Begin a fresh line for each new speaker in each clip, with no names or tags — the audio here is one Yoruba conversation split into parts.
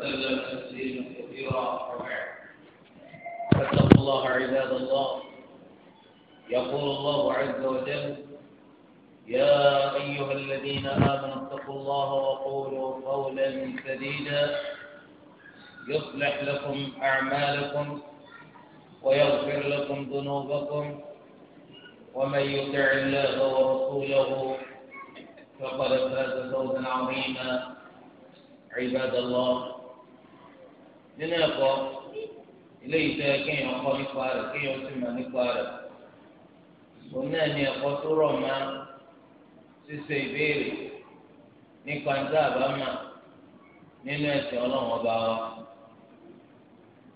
وسلم تسليما كثيرا فاتقوا الله عباد الله يقول الله عز وجل يا أيها الذين آمنوا اتقوا الله وقولوا قولا سديدا يصلح لكم أعمالكم ويغفر لكم ذنوبكم ومن يطع الله ورسوله فقد فاز فوزا عظيما عباد الله nínú ẹ̀kọ́ eléyìí tó yẹ kéèyàn kọ́ nípa rẹ̀ kéèyàn sì mọ̀ nípa òun náà ní ẹ̀kọ́ tó rọ mọ́ ṣíṣe ìbéèrè nípa ní àbámà nínú ẹ̀sìn ọlọ́run ọba wa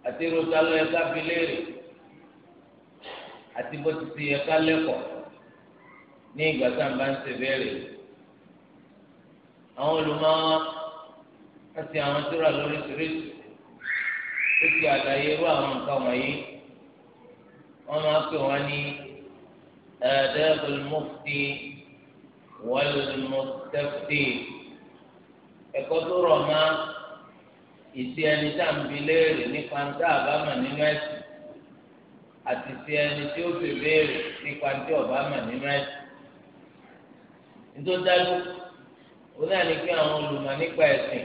àti irúta ló fi léèrè àti bó ti ti ó ti àlàyé irú àwọn nǹkan wọ̀nyí wọ́n máa pè wọ́n ní ẹ̀ẹ́dẹ́gbẹ̀lì mufti wọ́lùmọ́tẹ́fì ẹ̀kọ́ tó rọ̀ mọ́ ìsí ẹni tá à ń bi léèrè nípa ń tá àbámà nínú ẹ̀sìn àti ìsí ẹni tí ó fi léèrè nípa ń tí ọ̀bámà nínú ẹ̀sìn. nítorí òun náà ní kí àwọn olùmọ̀ nípa ẹ̀sìn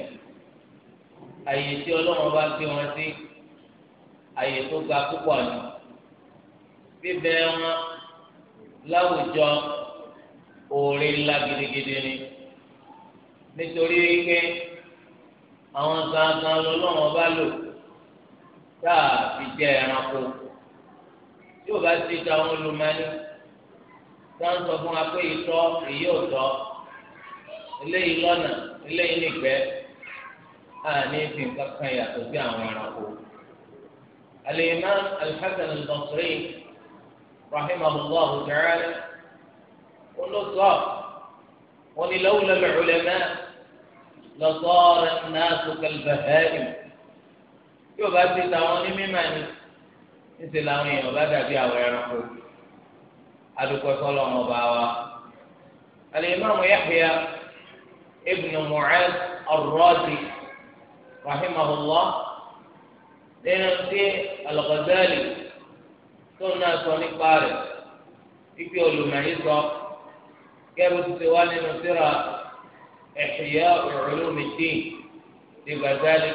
àyè tí ọlọ́run bá gbé wọn sí àyè tó ga púpọ̀ ni bíbẹ wọn láwùjọ òòrè ńlá gidigidi ni nítorí pé àwọn gangan lọ́lọ́wọ́n bá lò tá a fi jẹ ẹranko tí o bá ti ta àwọn olùmọ̀ẹ́ni tá a ń sọ fún wa pé ìtọ́ èyí ò tọ́ eléyìí lọ́nà eléyìí nìgbẹ́ àní fi nǹkan kan yàtọ̀ sí àwọn ẹranko. الإمام الحسن البصري رحمه الله تعالى قل له ولولا العلماء لصار الناس كالبهائم يبقى في تواني مماني إسلامي يبقى في أولي نقول أدوك صلى الإمام يحيى ابن معاذ الرازي رحمه الله nínú tí Al-Ghazali tó ń náà sọ nípa rẹ̀ ibi olùmọ̀yìn sọ kẹ́rù ti wá nínú síra Ihya Ulumuddin ti Ghazali.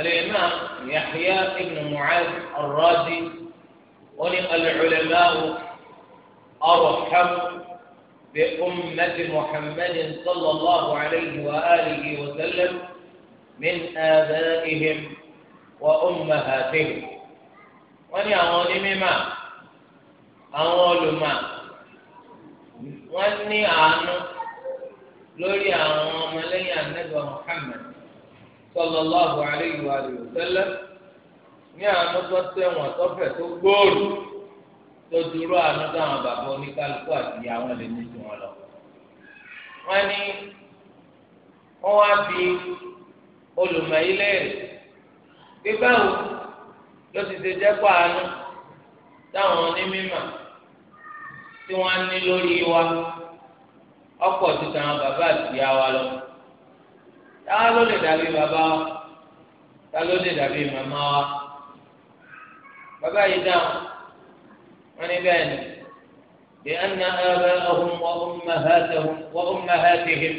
الإمام يحيى بن معاذ الرازي ولم العلماء أرحم بأمة محمد صلى الله عليه وآله وسلم من آبائهم وأمهاتهم wọ́n ní àwọn onímọ̀ àwọn olùmọ̀ wọ́n ní àánú lórí àwọn ọmọlẹ́yìn anábọ̀ Muhammad sallallahu alayhi wa sallam ní àánú tó tẹ̀wọ̀n tọ́fẹ̀ tó gbòòrò tó dúró àánú táwọn bàbá oníkálukú àti ìyá wọn lọ. wọ́n ní wọ́n wá fi olùmọ̀ ilé rẹ̀ pípẹ́ wo ló ti ṣe jẹ́ pàánù táwọn onímọ̀ tí wọ́n ní lórí wa ọ̀pọ̀ ti tàn bàbá àtìyá wa lọ táwa ló lè dàbí bàbá wa táwa ló lè dàbí màmá wa bàbá yìí dáhùn wọ́n ní bẹ́ẹ̀ ni. لأن آباءهم وأمهاتهم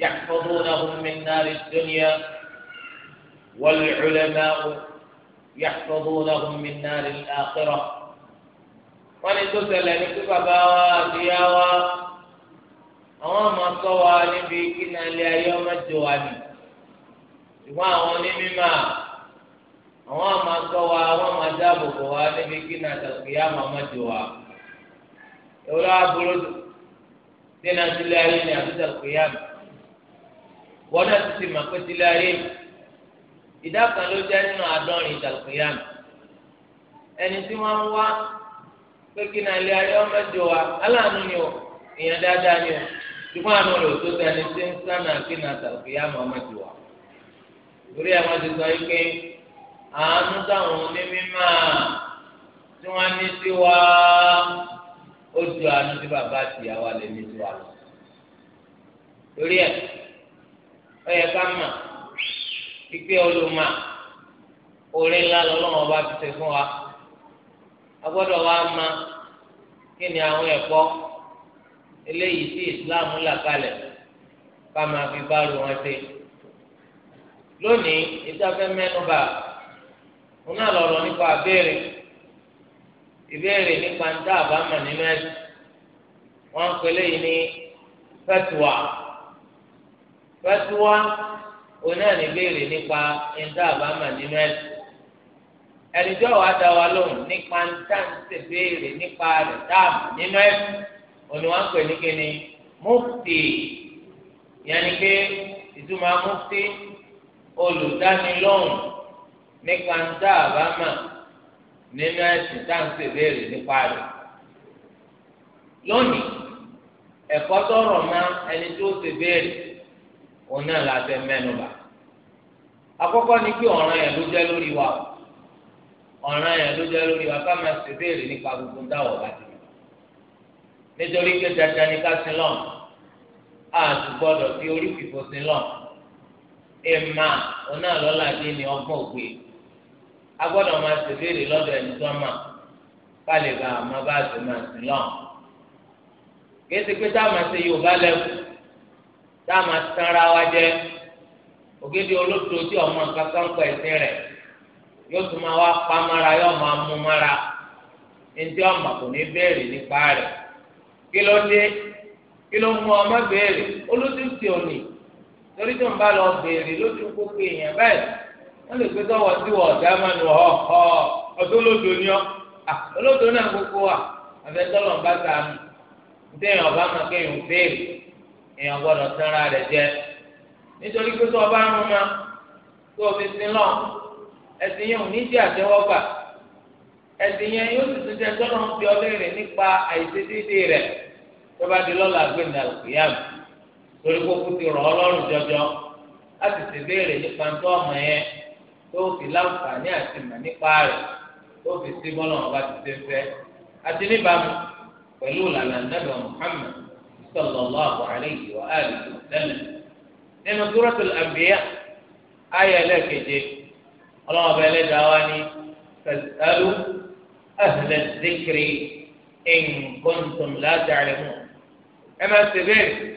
يحفظونهم من نار الدنيا والعلماء يحفظونهم من نار الآخرة wọ́n tó ṣẹlẹ̀ ní kí bàbá wa àbíyá wa àwọn ọmọ sọ wa níbi kí náà lé ayé ọmọ jọ wa nì ṣùgbọ́n àwọn onímọ̀ àwọn ọmọ sọ wa àwọn ọmọ dáàbò bò wa níbi kí náà tàkìyà ọmọ jọ wa ìwúrọ̀ aburú dínà sílé ayé ni àti tàkìyà mi wọ́n náà ti ti mọ̀ pé tilé ayé mi ìdá kan ló jẹ́ nínú àádọ́rin ìdàlùkìyàm ẹni tí wọ́n ń wá pé kí náà ilé ayé ọmọ ẹjọ́ wa aláàánú ni o èèyàn dáadáa ni o ṣùgbọ́n àánú rẹ̀ tó tẹni tí ń sánà kí náà ìdàlùkìyàm ọmọ ẹjọ́ wa torí àwọn ti sọ pé àánú táwọn onímọ̀ tí wọ́n ní sí wa ó ju àánú tí bàbá àti ìyá wa ní sí wa lọ torí ẹ̀ ọyẹ ká mà ikpe olùmọ orí ńlá lọlọmọ bá ti ṣe fún wa agbọ́dọ̀ wa ma kí ni àwọn ẹ̀kọ́ eléyìí tí islam là kalẹ̀ ká máa fi báru wọn ṣe lónìí ìtafẹ mẹ́nubà wọn náà lọ́rọ̀ nípa abéèrè ìbéèrè nípa ń dá àbámọ̀ nínú ẹsẹ̀ wọn ń pè ní fẹtùwà fẹtuwa oní àná ìbéèrè nípa ẹnìtá àbámà nínú ẹsẹ ẹnìjọ wa dá wa lóhùn nípa ẹnìtá ṣe béèrè nípa rẹ dáàmù nínú ẹsẹ òní wọn pè ní kíni mufti yẹnni pé ìtumọ̀ mufti olùdánilóhùn nípa ẹnìtá àbámà nínú ẹsẹ tá ń ṣe béèrè nípa rẹ lónìí ẹ̀kọ́ tọrọ mọ́ ẹni tó ṣe béèrè òun náà la fẹ́ mẹ́nu bà àkọ́kọ́ ni pé ọ̀ràn yẹn ló jẹ́ lórí wa ọ̀ràn yẹn ló jẹ́ lórí wa ká máa ṣe béèrè nípa gbogbo dáwọ̀ bá ti nítorí pé dandan ni ká sin lọ́n a gbọ́dọ̀ fi orí fìfò sin lọ́n ìmà òun náà lọ́la dé ní ọgbọ́n ògbé a gbọ́dọ̀ máa ṣe béèrè lọ́dọ̀ ẹni tó mà ká bá a máa bá a sin lọ́n kí ẹ ti pé táwọn máa ṣe Yorùbá lẹ́kọ̀ọ́. tá a máa tanra wa jẹ ògidì olóòtú tí ọmọ kankan pẹ̀ sí rẹ yóò tún máa wá pa yóò máa mú mára ntí ọmọ kò ní béèrè nípa rẹ̀ kí ló dé kí ló mú ọmọ béèrè olóòtú ti ò ní torí tó ń bá lọ béèrè lójú gbogbo èèyàn báyìí wọ́n lè sí ọ̀dà olóòtú ni ọ́ olóòtú náà wa èèyàn gbọ́dọ̀ sanra rẹ̀ jẹ́ nítorí pé ọba o bá ń mú ma tó o fi sin lọ ẹ̀sìn yẹn ò ní jẹ́ àtẹ́wọ́gbà ẹ̀sìn yẹn yóò sì tún jẹ́ tọ́nà ń fi rẹ̀ nípa àìṣedédé rẹ̀ tó bá lọ́la ti rọ̀ jọjọ láti nípa ń tọ́ ọmọ yẹn tó fi láǹfààní àti nípa rẹ̀ tó fi sí bọ́lá صلى الله عليه وآله وسلم لأن سورة الأنبياء آية لك جي الله بلا دواني فاسألوا أهل الذكر إن كنتم لا تعلمون أما سبيل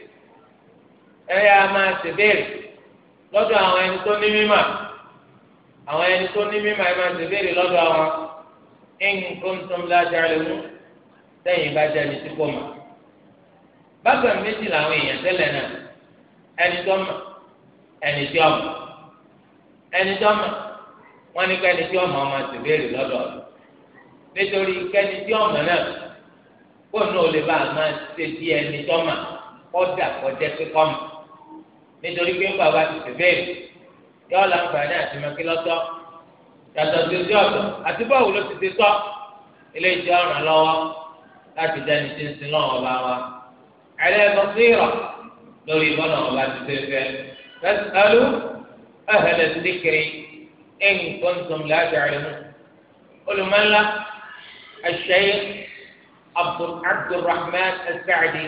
أيا ما سبيل lọ́dọ̀ àwọn ẹni tó ní mímà àwọn ẹni tó ní mímà ẹ máa ń ṣèbéèrè lọ́dọ̀ àwọn in kuntum la ta'lamun sẹ́yìn bá jẹ́ ẹni tí kò mọ̀ bákan méjì làwọn èèyàn tẹ́lẹ̀ náà ẹni tó mọ̀ ẹni tí ọmọ ẹni tó mọ̀ wọ́n ní kẹ́ni tí ọmọ ọmọ ti béèrè lọ́dọ̀ nítorí kẹ́ni tí ọmọ náà kó nù ó lè bá a máa ṣe bí ẹni tó mọ̀ kọ́dà kọjá pé kọ́ nítorí pé ń bàbá ti béèrè yọ̀ọ́ làǹfààní àti mọ́kílọ́tọ́ yàtọ̀ sí ojú ọ̀dọ̀ àti báwo ló ti ti sọ ilé ìjọ ọ̀ràn lọ́wọ́ láti dẹni tí ń sin lọ́wọ́ bá على بصيرة لولي بنا الله تسير فاسألوا أهل الذكر إن كنتم لا تعلمون قلوا من لا الشيخ عبد عبد الرحمن السعدي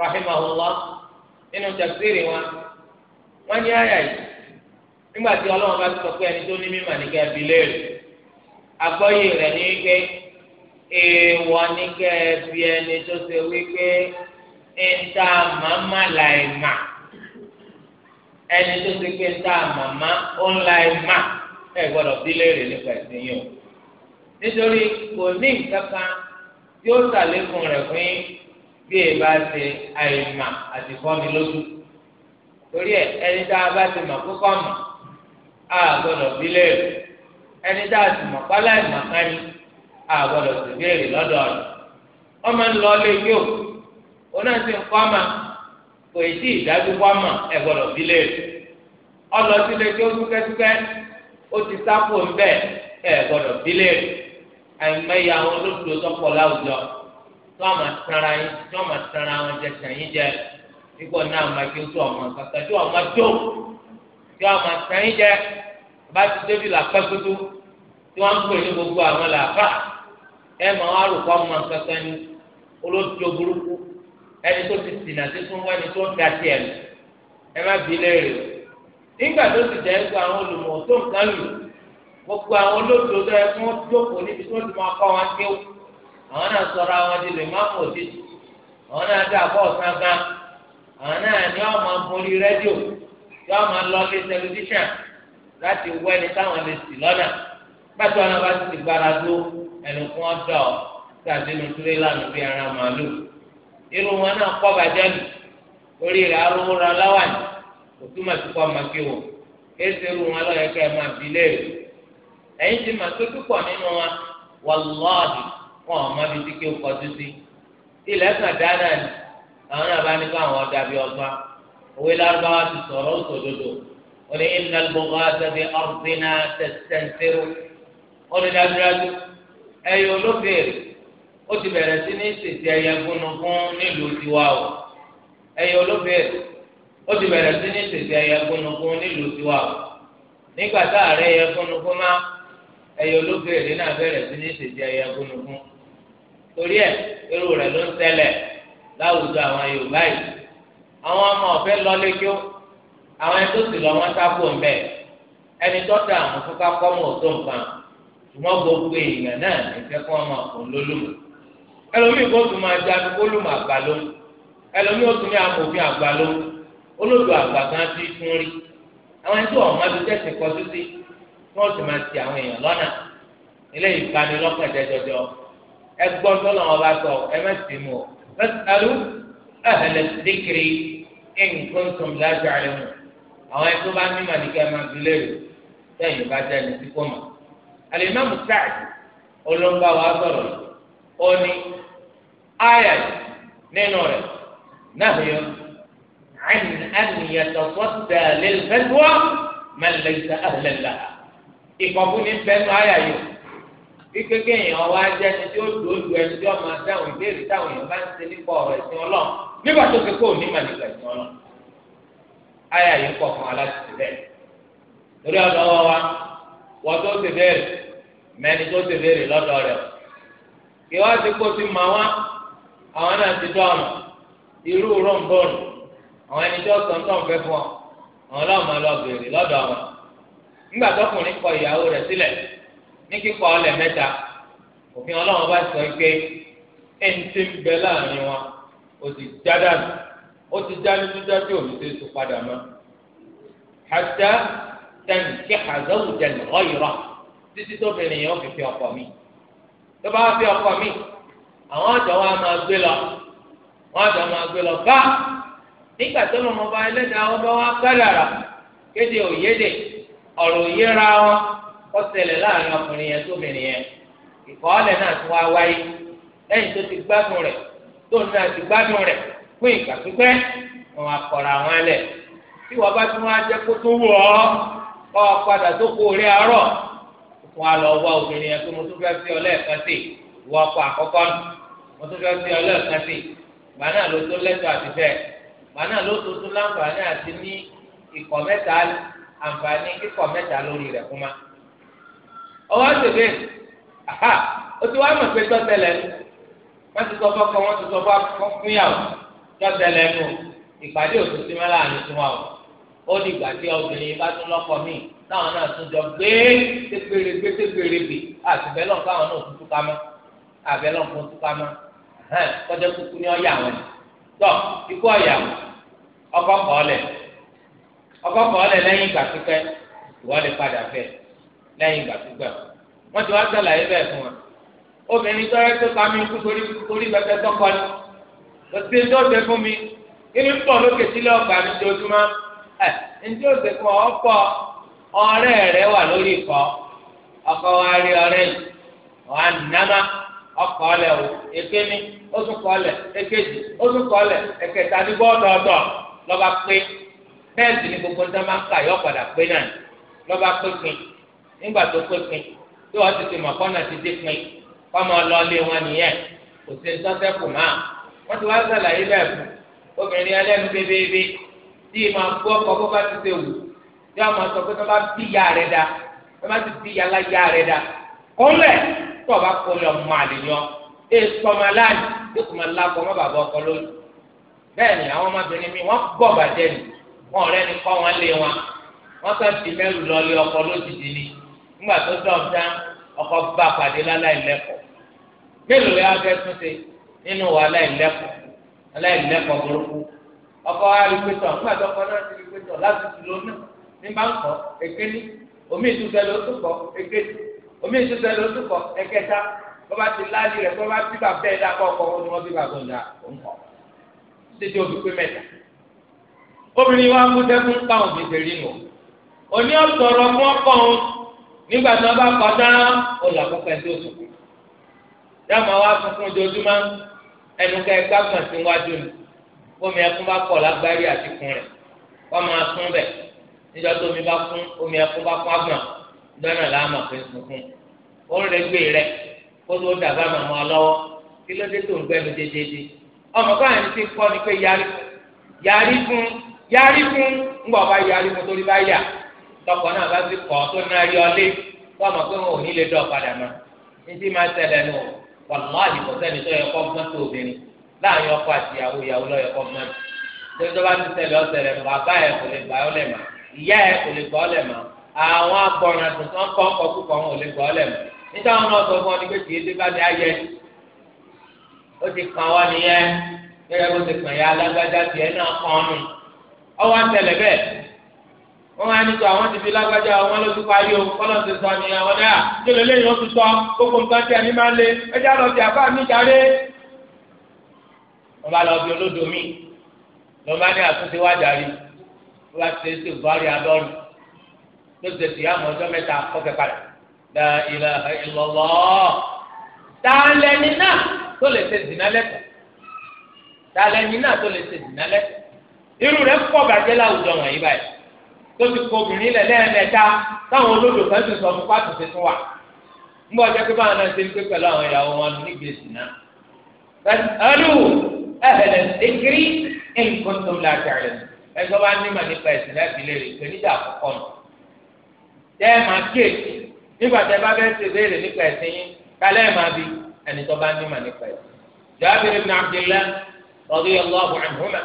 رحمه الله إنه تفسيره وأن يا يا nígbà tí ọlọ́run bá sọ pé ẹni tó ní mímọ̀ ní kẹ́ẹ́ fi léèrè agbọ́yé rẹ̀ ní wípé èèwọ̀ ní kẹ́ẹ́ fi ẹni tó ṣe wípé ẹ̀ńtà màmá làìmà ẹni tó ti pé ẹ̀ńtà màmá ó ń làìmà ẹ gbọ́dọ̀ bí léèrè nípa ẹ̀sìn yìí o nítorí kò ní nǹkan kan tí ó sàlékún rẹ̀ fún yín bí ẹ bá ṣe àìmà àti fọ́mi lójú torí ẹ ẹni tá a bá ti mọ̀ kókó mọ̀ a gbọ́dọ̀ bí léèrè ẹni tá a sì mọ̀ pálá ìmọ̀ kan ni a gbọ́dọ̀ sì béèrè lọ́dọ̀ rẹ̀ ọmọ ńlọ lé yóò onáà sì ń kọ́ àmà kò ì tí ìdájú kọ́ àmà ẹ̀ gbọ́dọ̀ fi lé ọlọ sílé tó dúkẹ́dúkẹ́ ó ti sápò ńbẹ ẹ̀ gbọ́dọ̀ fi lé àìmọye àwọn olóòtú tọpọ láwùjọ tó àmà tara yín tó àmà tara wọn jẹ sàyìn jẹ nígbà náà máa kí ó tó ọmọ kankan tó ọmọ tó tí ọmọ sàyìn jẹ bá ti débi làpẹ́ kutu tí wọ́n ń pè ní gbogbo àwọn làbá ẹ̀ máa wá rò kọ́ ọmọ kankan ní olóòtú burúkú. ẹni tó ti sìn àti tún wọ́n ẹni tó ń da tiẹ̀ lù ẹ má bí léèrè o nígbà tó ti jẹ́ gbogbo àwọn olùmọ̀ tó nǹkan lù gbogbo àwọn olóòtú tó yẹ kí wọ́n jókòó níbi tó ti máa kọ́ wọn kéwù àwọn náà sọ̀rọ̀ àwọn ti lè má pò títì àwọn náà dá àbọ̀ ọ̀sán gan àwọn náà ọmọ mórí rédíò tí wọ́n máa lọ tẹlifíṣàn irun wọn náà kọ́ bàjẹ́ lù orí rẹ̀ arúgbó ra láwàní kò túmọ̀ sí kọ́ ọmọ kí wọn kéésì irun wọn lọ́yẹ̀ kẹ́ ẹ máa fi léèrè ẹ̀yin ti mà pé púpọ̀ nínú wa wàlúwàdì wọn ò má ti kí o kọjú sí ilẹ̀ kan dáná ni àwọn náà bá ní kó àwọn ọ̀dà bíi ọgbà òwe lárúbáwá ti sọ̀rọ̀ ó sòdodo wọn ni ìnà gbogbo àtẹ̀bí ọ̀rùn bínú àtẹ̀sẹ̀ntẹ́rù wọn ni dájúdájú ẹ̀yin olóbèrè ó ti bẹ̀rẹ̀ sí ní ṣètì ẹyẹ fún nílùú tiwa o ẹyẹ olóbèrè ó ti bẹ̀rẹ̀ sí ní ṣètì ẹyẹ fún nílùú tiwa o nígbà tá a rẹ ẹyẹ gúnugún má ẹyẹ olóbèrè náà bẹ̀rẹ̀ sí ní ṣètì ẹyẹ fún. torí ẹ irú rẹ ló ń tẹ́lẹ̀ láwùjọ àwọn Yorùbá yìí àwọn ọmọ ọ̀fẹ́ lọ́lẹ́jọ́ àwọn ẹni lọ wọn sáfù ẹni àwọn ẹlòmíì kò tún máa jáde olùmọ̀ àgbà ló ń ẹlòmíì ó tún ní amòfin àgbà ló ń olódò àgbà kan ti tún rí àwọn ẹni tó wọn máa ti tẹsí kọ títí wọn sì máa ti àwọn èèyàn lọ́nà ilé ìbáni lọ́kàn jẹjọjọ ẹgbọ́n tọ́lọ̀ wọn bá sọ ẹ má sì mú o mẹsàlú ẹhẹlẹ síkiri nǹkan tó ń lájà rẹ mu àwọn ẹni tó bá ní màdìkẹ máa fi léèrè sẹ́yìn bá jẹ ní síkó mọ àlè má mú sáàdì olóńgbà wa sọ̀rọ̀ ó ní áyà nínú rẹ̀ náà yọ ẹ̀yìn ẹ̀nìyàtọ̀ sọ́tà lẹ́lẹ́fẹ́tọ́ mẹ́lẹ́sẹ̀ àlẹ́lá ìkọ̀fúnni bẹ́nu áyà yọ ikeke èèyàn wá jẹ ẹni tí ó lò ó lu ẹni tí ọmọ adáhùn ìbéèrè táwọn èèyàn bá ń ṣe nípa ọ̀rọ̀ ẹ̀sìn Ọlọ́run nígbà tó ṣe kó onímọ̀ nípa ẹ̀sìn Ọlọ́run ayé àyè pọ̀ fún aláṣẹ bẹ́ẹ̀ torí ọ̀dọ̀ wa wa wọ́n tó ṣe béèrè mẹ́ni tó ṣe béèrè lọ́dọ̀ rẹ̀ kí kó ti mọ̀ wọ́n àwọn náà ti dọ́ọ̀nù irú rọ̀mbọ́ọ̀nù àwọn ẹni tí ọ̀sán tó ń fẹ́ fún ọ àwọn ọlọ́ọ̀mọ lọ bèrè lọ́dọ̀ wọn. nígbà tọkùnrin kọ ìyàwó rẹ̀ sílẹ̀ ní kíkọ ọlẹ̀ mẹ́ta òfin ọlọ́run bá sọ pé ẹni tí ń bẹ láàrin wọn ó ti já dànù ó ti já ní dídá tí òun ṣe tún padà mọ́. àṣà tẹ̀mí kí àzọ́wù jẹ̀lẹ̀ ọ̀yọ̀rọ̀ títí tóbi nìyẹn ó fi fi ọkọ mi. tó bá fi ọkọ mi àwọn ọjọ́ wa máa gbé lọ wọn ọjọ́ máa gbé lọ bá nígbà tó lọ́mọ bá ẹlẹ́dàá wọn bá wá kádàrà kéde òyédè ọ̀rọ̀ òyéra wọn kọ́ ṣẹlẹ̀ láàrin ọkùnrin yẹn tó ti gbádùn tó ti gbádùn fún ìgbà wọn akọrọ àwọn tí wọ́n bá tún wá kó ọ́ kọ́ padà tó kó wọn lọ wọ́n tún fẹ́ fi ọlọ́ọ̀kan sí gbà náà ló tó lẹ́tọ̀ àti bẹ́ẹ̀ gbà náà ló tó tó láǹfààní àti ní ikọ̀ mẹ́ta àǹfààní ikọ̀ mẹ́ta lórí rẹ̀ fún ma. ọwọ́ àtẹ̀bẹ́ àhà ó ti wá mọ̀ pé tọ́tẹ̀lẹ̀ nu wọ́n ti sọ fọ́kọ wọ́n ti sọ fọ́ fúnyàwó tọ́tẹ̀lẹ̀ nu ìpàdé òtútù mẹ́la àní fún wa ó di ìgbà tí obìnrin bá tún lọ́kọ míì táwọn náà tún jọ gbé tẹ́gbèrè gbé tẹ́gbèrè bì àtìbẹ́lọ̀ káwọn náà tún túká mọ́ àbẹ́lọ̀ fún túká hàn kọjá kúkú ní ọyà wọn tọ ikú ọyà ọkọ kọọlẹ ọkọ kọọlẹ lẹ́yìn ìgbà pípẹ́ ìwọ lè padà fẹ́ lẹ́yìn ìgbà pípẹ́ wọn ti wá sàlàyé bẹ́ẹ̀ fún wa obìnrin tó yẹ kó pàmì kú torí torí pẹpẹ tọkọ ni lọsí ẹjọ ọsẹ fún mi kíni pọ lókè sílẹ̀ ọgbà mi dojúmọ ẹ ẹjọ ọsẹ fún ọ pọ ọ̀rẹ́ rẹ̀ wà lórí ikọ ọkọ wa rí ọ̀rẹ́ yìí wọn á nàmá ọkọ lẹ o èkéni ó tún kọ lẹ èkejì ó tún kọ lẹ ẹ̀kẹta ní gbọdọọdọ lọba pé bẹ́ẹ̀ ni gbogbo níta máa ń kà yọ padà pé náà lọba pé pin nígbà tó pé pin tí wọn ti ti mọ kọ́nà ti dé pin kọ́mọ lọ́ọ́lé wọn nìyẹn kò sí ní sọ́sẹ́ kù máa wọ́n ti wá sàlàyé bẹ́ẹ̀ fún obìnrin ẹlẹ́nu bébébé tí ì máa gbọ́ ọkọ̀ bó bá ti ṣe wù tí wọ́n máa sọ pé tó bá bí ìyá rẹ̀ dá tó bá ti bí ìyá lá tó o bá kó lọ mọ àlè ni ọ èso ọmọ aláàlì yóò tún máa lakọ ọmọ bàbá ọkọ lórí bẹ́ẹ̀ ni àwọn ọmọbìnrin mi wọ́n gbọ́ bàjẹ́ ni wọn ọ̀rẹ́ ni kọ́ wọn lé wọn wọ́n fẹ́ fi mẹ́rù lọ lé ọkọ lójijì ni nígbà tó dọ̀ dá ọkọ bá pàdé láláì lẹ́kọ̀ọ́ mélòó lè wá fẹ́ tún ṣe nínú wa aláìlẹ́kọ̀ọ́ aláìlẹ́kọ̀ọ́ burúkú ọkọ arìgbẹ́tọ̀ nígbà tó kọ́ náà ti rí gbẹ́tọ̀ láti tù lónà ní bá ń omi ìtúsẹ́ ló tún kọ́ èkéní omi ìtúsẹ lóṣù kọ ẹ̀kẹta bọba ti láàyè rẹ bọba ti bàbá ẹ dákọ ọkọ wọn ni wọn bí bàbá ọjà ọkọ títí omi pé mẹ́ta obìnrin wa mú dẹkùn káwọn gbèsè rí nù òní ọsọrọ fún ọkọ òun nígbà tí wọn bá kọ tán olùkọ́kọ́ ẹsẹ oṣù kù dáàmú wa funfun ojoojúmọ́ ẹnu ká ẹgbẹ́ àgbọn sí wájú ni omi ẹkún bá kọ lágbárí àti kùn rẹ wọn máa kún bẹ níjọ́ tó omi bá kún omi ẹkún bá kún àgbọn. gbọ́nà láàmà fi sunkún ó rẹ̀ gbé rẹ kó tó dàgbà màmá ọlọ́wọ́ kí ló dé tó ń gbẹ́nu déédéé ọmọ káyọ̀ ti kọ́ ni pé yarí yarí fún yarí fún ńgbà ọba yarí fún torí bá yà tọkọ náà bá ti kọ́ tó náà rí ọlé kó pé wọn ò ní lè dọ̀ padà máa nù àdìbò tó yẹ kọ́ tó obìnrin láàrin ọkọ àti ìyàwó ìyàwó kọ́ tó tó bá ti bàbá kò lè gbà àwọn akọrin àtúntò ń kọ́ ọkọ̀ púpọ̀ wọn ò lè gbọ́ ọ́lẹ̀ mọ́ níta wọn náà sọ fún ọ ní pé kìí dé bá ayẹ ó ti kàn wá nìyẹn gẹ́gẹ́ bó ti kàn ya alágbájá tiẹ̀ náà kàn nù ọwọ́ àtẹlẹ̀ bẹ́ẹ̀ wọ́n á ní sọ àwọn ti fi lágbájá wọn ló ti pa yó kọ́lọ́ ti sọ nìyẹn wọn náà kí ló léyìn ó sọ gbogbo nǹkan tí ẹni máa lé ẹjá lọ sí àbá mi jáde wọn bá lọ bí olódò mi lọ́ọ́ bá ní àtúntí wájà rí wọn bá ti ṣe é lóṣù tí àmọ́ ọjọ́ mẹ́ta kọ́kẹ́ padà la ilaha illallah tààlẹ́ni náà tó lè ṣe dìnnà lẹ́tọ̀ tààlẹ́ni náà tó lè ṣe dìnnà lẹ́tọ̀ irú rẹ̀ pọ̀ bàjẹ́ láwùjọ wọ̀nyí báyìí tó ti kọ obìnrin lẹ̀ lẹ́ẹ̀mẹ́ta táwọn olódò kan ti sọ fún pàtó tuntun wa ń bọ̀ jẹ́ pé báwọn náà ṣe ń pé pẹ̀lú àwọn ìyàwó wọn níbi èsì náà ẹ̀hẹ̀lẹ̀ ẹ̀kiri ẹ̀ńkọ́ntọ́m láti àrẹ̀ ẹ̀gbọ́n bá ní mà nípa ẹ̀sìn láti lè rí pé àkọ́kọ́ nù tẹ́ ẹ máa kéèkì nígbà tẹ́ bá bẹ́ẹ̀ ṣe béèrè nípa yín máa bi ẹni tó bá nímọ̀ nípa ẹ̀sìn. Jabir ibn Abdillah radiyallahu anhuma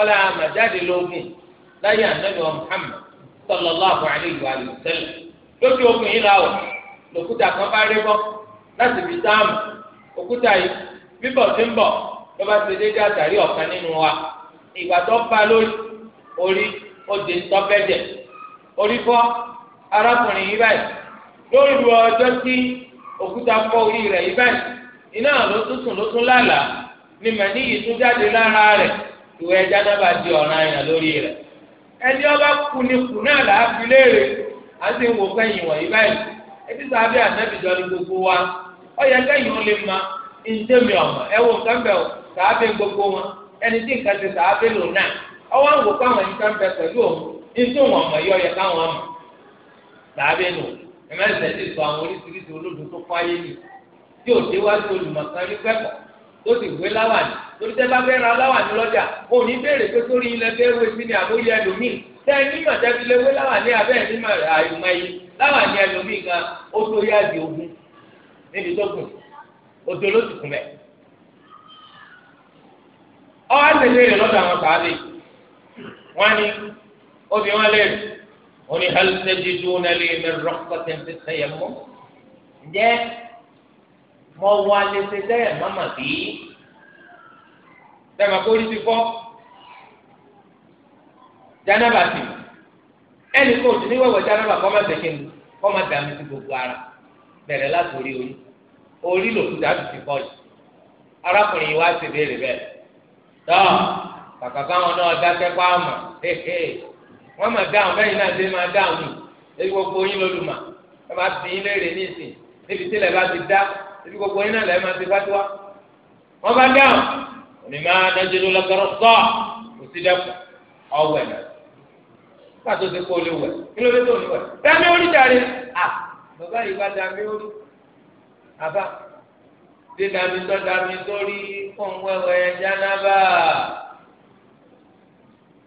ọ̀là àmàjáde lógún láyé ànábì wa ogun yìí lòkúta kan bá rí bọ́ láti fi òkúta yìí bíbọ̀ ń bọ̀ bá ṣe àtàrí ọ̀kan nínú wa ìgbà tó bá lórí orí arákùnrin yìí báyìí lórí ìlú ọjọ́ tí òkúta fọ́ orí rẹ̀ yìí báyìí iná ló tún sùn ló tún lálàá ni màní yìí tún jáde lára rẹ̀ ìwé ẹja náà bá di ọ̀ràn àyàn lórí rẹ̀ ọba náà fi léèrè báyìí sábẹ́ ni gbogbo wa ó lè ma ọ̀mọ̀ ẹ sábẹ́ gbogbo wọn ẹni tí nǹkan ti sábẹ́ lò náà ọwọ́ àwọn ẹni tàbí nù ẹmẹsẹ ti sọ àwọn oríṣiríṣi olódùn tó fáyé nì tí ò déwájú olùmọ̀kan rí pẹ́pọ̀ tó sì wé láwàní torí tẹ́ bá fẹ́ ra láwàní lọ́jà ò ní pé sórí ilẹ̀ fẹ́ wé sí ni àbóyé ẹlòmíì tẹ́ lé wé láwàní abẹ́ di ogun níbi tó ló ti mẹ́. ọ́ á lè lọ́dọ̀ àwọn ó ní hal tajiduna li min raqatin fi tayammum ǹjẹ́ mo wà lè ṣe sẹ́yìn mọ́mọ́ bí sẹ́yìn kó rí ti fọ́ jánábà sí ẹnì kò tún ní wẹ̀wẹ̀ jánábà kọ́ máa tẹ̀kẹ́ ní kọ́ máa dàmí sí gbogbo ara bẹ̀rẹ̀ láti orí orí orí lòtú dàbí ti fọ́ yìí arákùnrin yìí wá ṣe béèrè bẹ́ẹ̀ tọ́ kàkà káwọn náà dákẹ́ pàmò wọ́n máa dáhùn bẹ́yìn náà ṣe máa dáhùn ní ebi gbogbo yín lọ́lùmọ̀ ẹ máa bì í léèrè ní ìsìn níbi tí ilẹ̀ bá ti dá ebi gbogbo yín náà lẹ́ máa ti fatuwa wọ́n bá dáhùn òní máa dájú ló lọ́gọ́rọ́ sọ́ kò sí dẹ́kun ọ̀wẹ̀ náà pàtó ti kó lè wẹ̀ kí ló dé tó lè wẹ̀ dámi orí dàrí à bàbá yìí bá dámi orí àbá dé dámi tó dámi tó rí fún wẹ́wẹ́ jánábà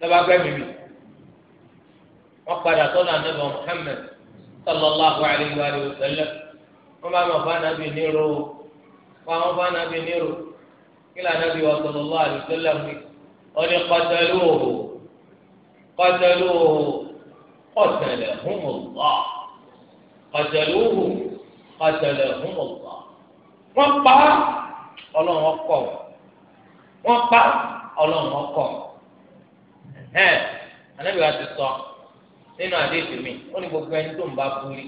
lọ́ba gbẹ́mìí mi wọ́n padà sọ́dọ̀ anábì Muhammad sallallahu alayhi wa sallam wọ́n bá wọn fún anábì nírò wọ́n fún anábì nírò kílà anábì wa sallallahu alayhi wa sallam fi wọ́n ní qataluhu qataluhu qatalahumullah qataluhu qatalahumullah wọ́n pa ọlọ́run ọkọ̀ wọ́n pa ọlọ́run ọkọ̀ ẹ̀ anábì wa ti sọ nínú àdéhùn mi ó ní gbogbo ẹni tó ń bá búrí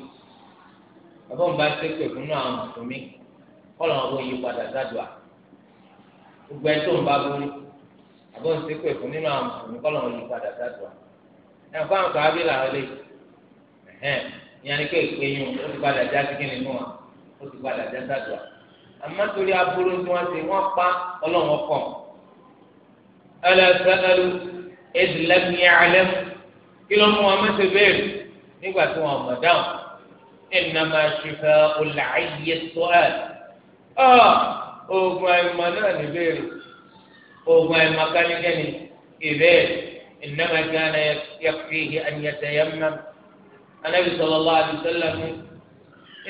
bàbá òun bá ṣépè fúnnú àwọn mùsùlùmí kọlọ àwọn òye padà sádùá gbogbo ẹni tó ń bá búrí bàbá òun ṣépè fún nínú àwọn mùsùlùmí kọlọ àwọn òye padà sádùá ẹ fún àwọn kàábí làwọn lè ẹhẹn ìyànní pé ìpéyìn ó ti padà já sí kíni nù wá ó ti padà já sádùá àmọ́ aburú tí wọ́n ṣe wọ́n pa ọlọ́wọ́n kọ̀ ẹ lọ sẹ́ẹ̀lú ẹ̀dùnlẹ́mìí kí ló mú wọn mẹsẹ béèrè nígbà tí wọn mọ dáhùn innama shifa'ul 'ayyi as-su'al ọ oògùn àìmọ̀ náà ní béèrè oògùn àìmọ̀ kánikẹ́ni ìbéèrè innama kana yakfihi an yatayammam anabi sallallahu alaihi wasallam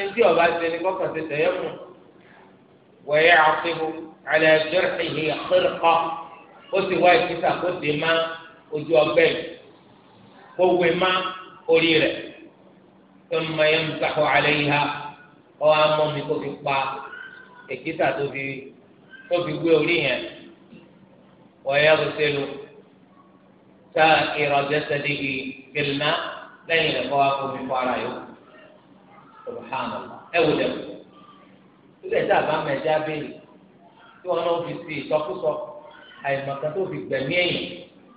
ẹtí ọba ṣe ni kọkàn ṣe tayammum wa ya'tibu 'ala jarhihi khirqa ó sì wá ìkísà kó dè má ojú ọgbẹ́ yìí kó wé má orí rẹ̀ tó ń mọ yẹn ń sàkó alẹ́ yìí ha ọ wá mọ́ mi kó fi pa èkìtà tó fi tó fi wé orí yẹn wọ́yẹ́ bó ṣe lu tá ìrọ̀jẹ́ sẹ́dígì gbẹ̀lẹ́mà lẹ́yìn rẹ̀ kọ́ wá kó mi kó ara yòó ẹ wò lẹ́wọ̀ ilé tí a bá mẹ́já béèrè tí wọn náà fi sí ìsọkúsọ àìmọ̀kan tó fi gbẹ̀mí ẹ̀yìn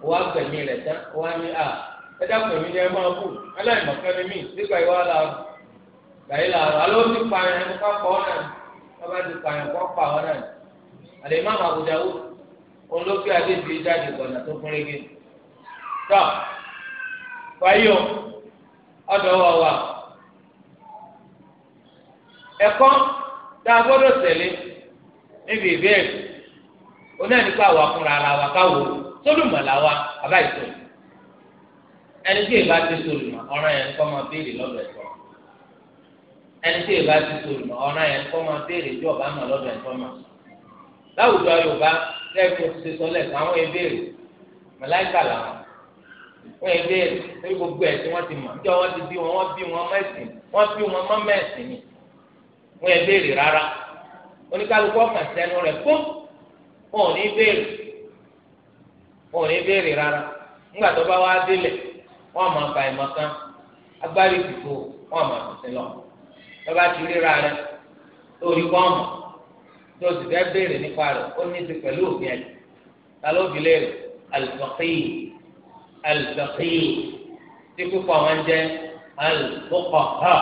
wọ́n á gbẹ̀mí rẹ̀ tán wọ́n á ní à. Ah, ẹjá pẹ̀lú yẹn máa bù aláìmọ̀kan ni mí nígbà yìí wá láàrú gbàyìí láàrú aló ti pààyàn ẹni ká pọ̀ ọ́nà bàbá ti pààyàn kọ́ pa ọ́nà àlè má òun ló fi jáde gbọ̀nà tó kún tọ́ ọ̀dọ̀ wà wà ẹ̀kọ́ tá a gbọ́dọ̀ tẹ̀lé níbi ìbéèrè onáà nípa ara wa làwa ẹni tí ìbá ti sọ̀rọ̀ mọ́ ọ̀ràn yẹn kọ́ máa béèrè lọ́dọ̀ ẹ̀tọ́ ẹni tí ìbá ti sọ̀rọ̀ mọ́ ọ̀ràn yẹn kọ́ máa béèrè tí ọ̀bá mọ̀ lọ́dọ̀ ẹ̀tọ́ mọ̀ láwùjọ Yorùbá lẹ́ẹ̀kọ́ ti sọ lẹ́sẹ̀ àwọn ìbéèrè mọ̀láìkà làwọn wọ́n yẹ béèrè lórí gbogbo ẹ̀ tí wọ́n ti mọ̀ níjọ́ wọ́n ti bí wọn wọ́n bí wọn mẹ́sìn wọ́n bí wọn mọ́ mẹ́sìn ni wọ́n yẹ béèrè rárá oníkálukú ọkàn sẹ́nu rẹ̀ fún wọn ò ní béèrè wọn ò ní béèrè rárá nígbà tó bá wá délẹ̀ wọn máa fa ìmọ̀ kan agbárí ìdìbò wọn máa fi sílọ lọba ti ríra rẹ lórí kọ́ọ̀mù tó o sì fẹ́ béèrè nípa rẹ ó ní ti pẹ̀lú òfin ẹ̀ ta ló fi léèrè alùpàkìyì alùpàkìyì tí púpọ̀ wọn jẹ́ alùpùpọ̀ hà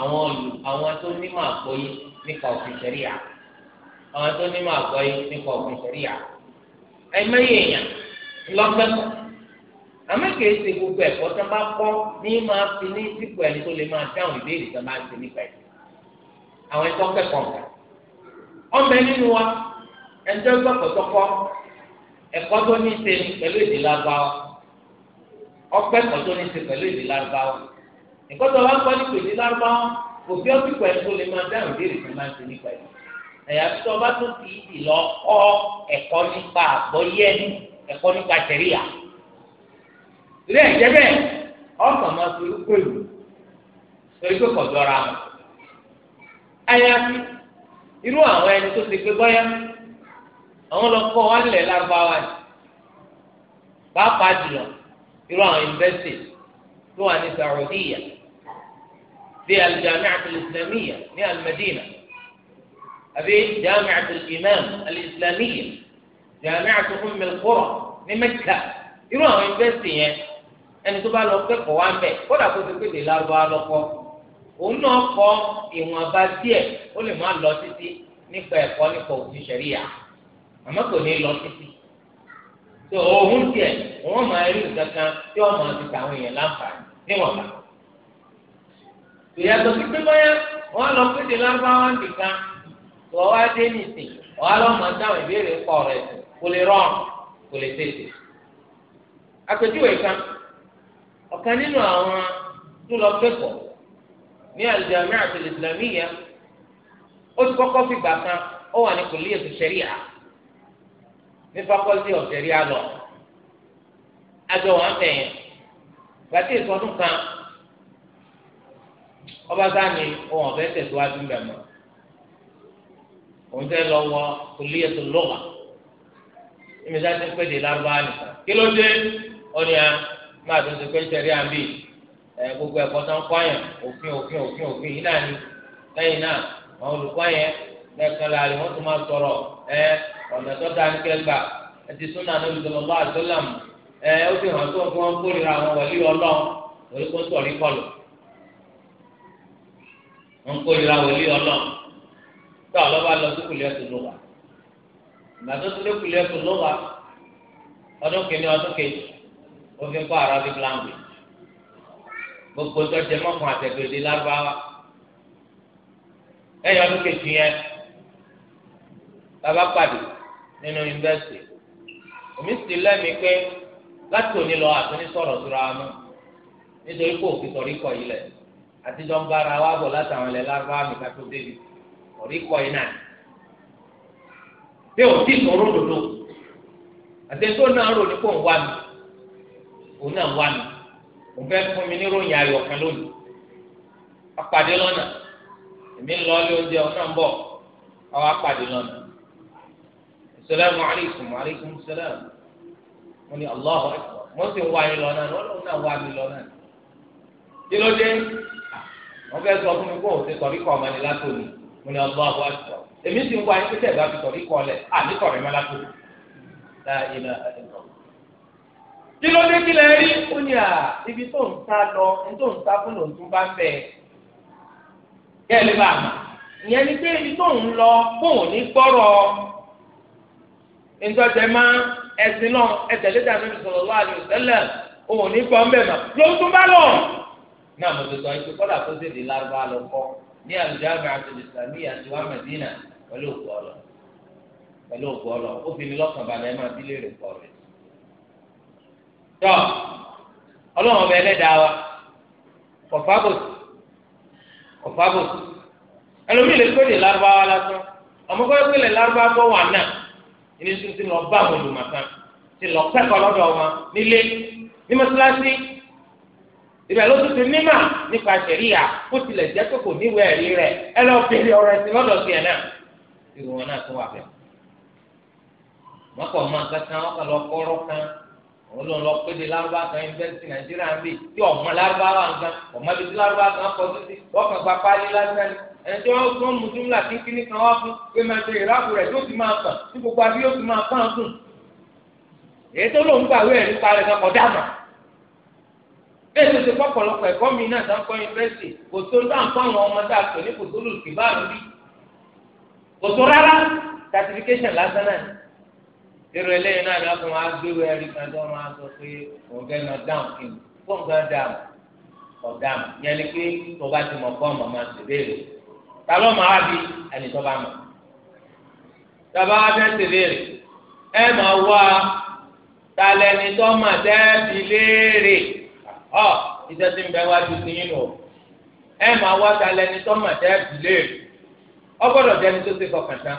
àwọn olù àwọn tó nímọ̀ àgbọ́yé nípa òfin ṣẹ̀ríyà àwọn tó nímọ̀ àgbọ́yé nípa òfin ṣẹ̀ríyà ẹ̀mẹ́yẹ̀ èèyàn lọ́gbẹ́kọ̀ọ́ àmì kìí ṣe gbogbo ẹ̀kọ́ tó bá kọ́ ní máa fi ní sípò ẹni tó lè máa dáhùn ìbéèrè tó máa ń ṣe nípa ẹ̀sìn àwọn ẹ̀kọ́ kẹ́kọ̀ọ́ nǹkan ọmọ nínú wa ẹ̀ńtọ́ gbọ́kọ̀tọ́kọ́ ẹ̀kọ́ tó ní ṣe pẹ̀lú èdè lárúbáwá ọpẹ́ ẹ̀kọ́ tó ní ṣe pẹ̀lú èdè lárúbáwá ẹ̀kọ́ tó wá ń kọ́ ní pèsè lárúbáwá òfin ọ̀sìnkú ẹni tó lè máa dáhùn ìbéèrè tó máa ń ṣe nípa ẹ̀sìn ẹ̀yà tó bá tó ilé ẹ̀jẹ̀ bẹ́ẹ̀ ọkàn máa fi kó ìlú torí pé kọ̀dọ́ra àyàfi irú àwọn ẹni tó ti pé bọ́yá àwọn lọ kọ́ wọn lẹ̀ lárúbáwá ni pàápàá jùlọ irú àwọn yunifásitì tó wà ní Saudiya bí al-Jami'ah al-Islamiyyah ní al-Madina àbí Jami'ah al ni al abi al-Islamiyyah Jami'ah Umm al-Qura ní Mẹ́kà irú àwọn yunifásitì yẹn. ẹni tó bá lọ kẹ́kọ̀ọ́ wá ń bẹ̀ kódà kó ti pété lárúbá lọ́kọ́ òun náà kọ ìwọ̀nba díẹ̀ ó lè má lọ títí nípa ẹ̀kọ́ nípa òfin ṣẹ̀ríyà àmọ́ kò ní lọ títí tó òun tiẹ̀ òun máa rí nǹkan kan tí wọ́n máa ti tàwọn èèyàn láǹfààní níwọ̀nba ìyàtọ̀ sí pé báyà wọ́n lọ pété lárúbá wá ń dìkan tó wá dé nìsín wọ́n á lọ́ máa dáhùn ìbéèrè pọ̀ rẹ̀ kò lè rọrùn kò lè tètè àpèjúwe kan ọ̀kan nínú àwọn tó lọ kẹ́kọ̀ọ́ ní al-Jami'ah al-Islamiyyah ó ti kọ́kọ́ fìgbà kan ó wà ní kulliyatu sharia ní faculty of sharia lọ àjọ wọn fẹ̀yìn gbàtí ìsọdún kan ọba sáni ohun ọ̀fẹ́ tẹ̀síwájú ń bẹ̀ mọ́ òun fẹ́ lọ wọ kulliyatu lugha ìmísà ti ń pèdè lárúbáwá nìkan kí ló dé ọ̀nìyàn. máa tó ṣe pé sẹ̀rí àmì gbogbo ẹ̀kọ́ tó ń kọ́yàn òfin òfin òfin òfin yìí náà ni lẹ́yìn náà àwọn olùkọ́ yẹn lẹ́ẹ̀kan láàrin wọ́n tún máa sọ̀rọ̀ ẹ ọ̀nà tó dáa ní kẹgbà ẹ ti súnà àtọ́làmù ẹ ó hàn tó fún wọn kórìíra àwọn kó sọ̀rí kọlù wọn kórìíra tó lọ sí kùlẹ̀ ó fi kọ́ Arabic language gbogbo tọ́jú mọ́kàn àtẹ̀gbèdè lárúbáwá ẹ̀yọ́ ọdún kejì yẹn bàbá pàdé nínú yunifásitì èmi sì lẹ́mìí pé láti òní lọ àtúní sọ̀rọ̀ síra wa mọ́ nítorí kó òfin sọ̀rí kọ̀ yìí lẹ̀ àtijọ́ ń bára wa bọ̀ látàwọn ilẹ̀ lárúbáwá mi ká tó débi sọ̀rí kọ̀ yìí náà tí ò sọ̀rọ̀ dòdò àti náà rò ní kó ń wá mi. òun náà wà mí òun fẹ́ fún mi ní ròyìn ayọ̀ kan lónìí apàdé lọ́nà èmi ń lọ ilé oúnjẹ òun náà ń bọ̀ àwọn apàdé lọ́nà assalamu mo ní Allahu akbar mo sì ń wá yín lọ lọ́nà òun náà wá mi lọ kí ló dé fẹ́ sọ fún mi kó o ti kọ́ ọmọ ni mo ní èmi sì ń wá yín kí ló dé kí lẹ rí ó ní à ibi tó ń sá lọ ní tó ń sá fún lòun tún bá fẹ́ kẹ́ ẹ lè bá a mọ̀ ìyẹn ni pé ibi tó ń lọ fóun ní gbọ́rọ̀ ìjọsẹ̀ máa ẹ̀sìn náà ẹ̀tẹ̀lé dàbí sallallahu alaihi wasallam òun ní gbọ́ mbẹ́ mà ló tún bá lọ. náà mo ti sọ ikú kọ́dà tó tètè lárúbá lọ kọ́ ní àlùjáàmì àti ìsàmì àti wà mẹ́dínà pẹ̀lú òkú ọlọ pẹ̀lú òkú ọlọ tọ́ ọlọ́run ọba wa ẹlòmíì lè lárúbáwá lásán lárúbáwá bọ́ wà náà ìní tún ti lọ bá àwọn ti lọ kẹ́kọ̀ọ́ lọ́dọ̀ wọn nílé ní ló tún ti nímà nípa kó tilẹ̀ jẹ́ kò ẹ̀rí rẹ̀ ẹ lọ bèrè ọ̀rọ̀ ẹ̀sìn lọ́dọ̀ sí ẹ̀ náà ìrù wọn náà ọmọ kankan kan òun ló ń lọ pé de lárúbá kan yunifásitì nàìjíríà ń bì tí ọmọ lárúbá wà nǹkan ọmọ ibi tí lárúbá kan kọ títí wọn kàn gba páálí lásán ẹni tí wọn tún mú júmùlà kínkínní kan wá fún pé máa ṣe ìrákù rẹ yóò ti máa kàn tí gbogbo abí yóò ti máa kàn án kùn èyí tó lóun gbàwé ẹ̀rí parẹ́ kan kọjá mà bẹ́ẹ̀ tó ṣe pọ̀pọ̀lọpọ̀ ẹ̀kọ́ mi náà sáńkọ́ yunifásitì kò tó dáńkọ́ àwọn ọmọ certification lásán náà irú eléyìí náà ni wọn kò máa gbé wẹ ẹrí kan tó máa sọ pé òun fẹ́ lọ dáhùn kí ni fóun gan dáhùn ọ̀dáhùn yẹn ni pé tó bá ti mọ̀ fọ́ọ̀mù ọmọ àtẹ̀bẹ́rẹ̀ ta ló máa bí ẹni tó bá mọ̀ tàbá fẹ́ tẹ̀bẹ́rẹ̀ ẹ máa wá talẹ́ni tó mà tẹ́ẹ̀bì léèrè ọ̀ iṣẹ́ tí ń bẹ wá ju tiyín lọ ẹ máa wá talẹ́ni tó mà tẹ́ẹ̀bì léèrè ọ gbọ́dọ̀ jẹ́ni tó ṣe kọkàn tán.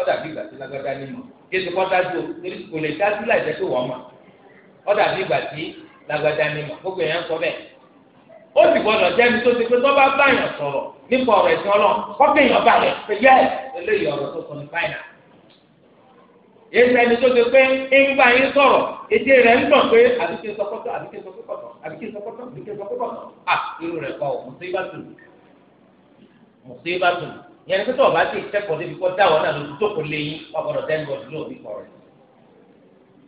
ọ̀dàbí ìgbà tí lágbájá ní mọ̀ kéde kọ́ dájú o torí kò lè dájú láì jẹ́ pé wọ́n mọ̀ ọ̀dàbí ìgbà tí lágbájá ní gbogbo èèyàn sọ bẹ́ẹ̀ ó sì gbọdọ̀ jẹ́ni tó ti pé tó bá báyàn sọ̀rọ̀ nípa ọ̀rọ̀ ẹ̀sìn ọlọ́run kọ́kẹ́ èèyàn balẹ̀ pé yẹ́ eléyìí ọ̀rọ̀ tó sọ fáìnà tó ti pé yín sọ̀rọ̀ èdè rẹ̀ ń pé yẹn ní pípọ̀ bá ti kẹ́kọ̀ọ́ débi kọ́ dáwọ́ náà lójú tó kò lè yín ọkọ̀dọ̀ tẹ́lifọ̀dù ló bí kọ̀rọ̀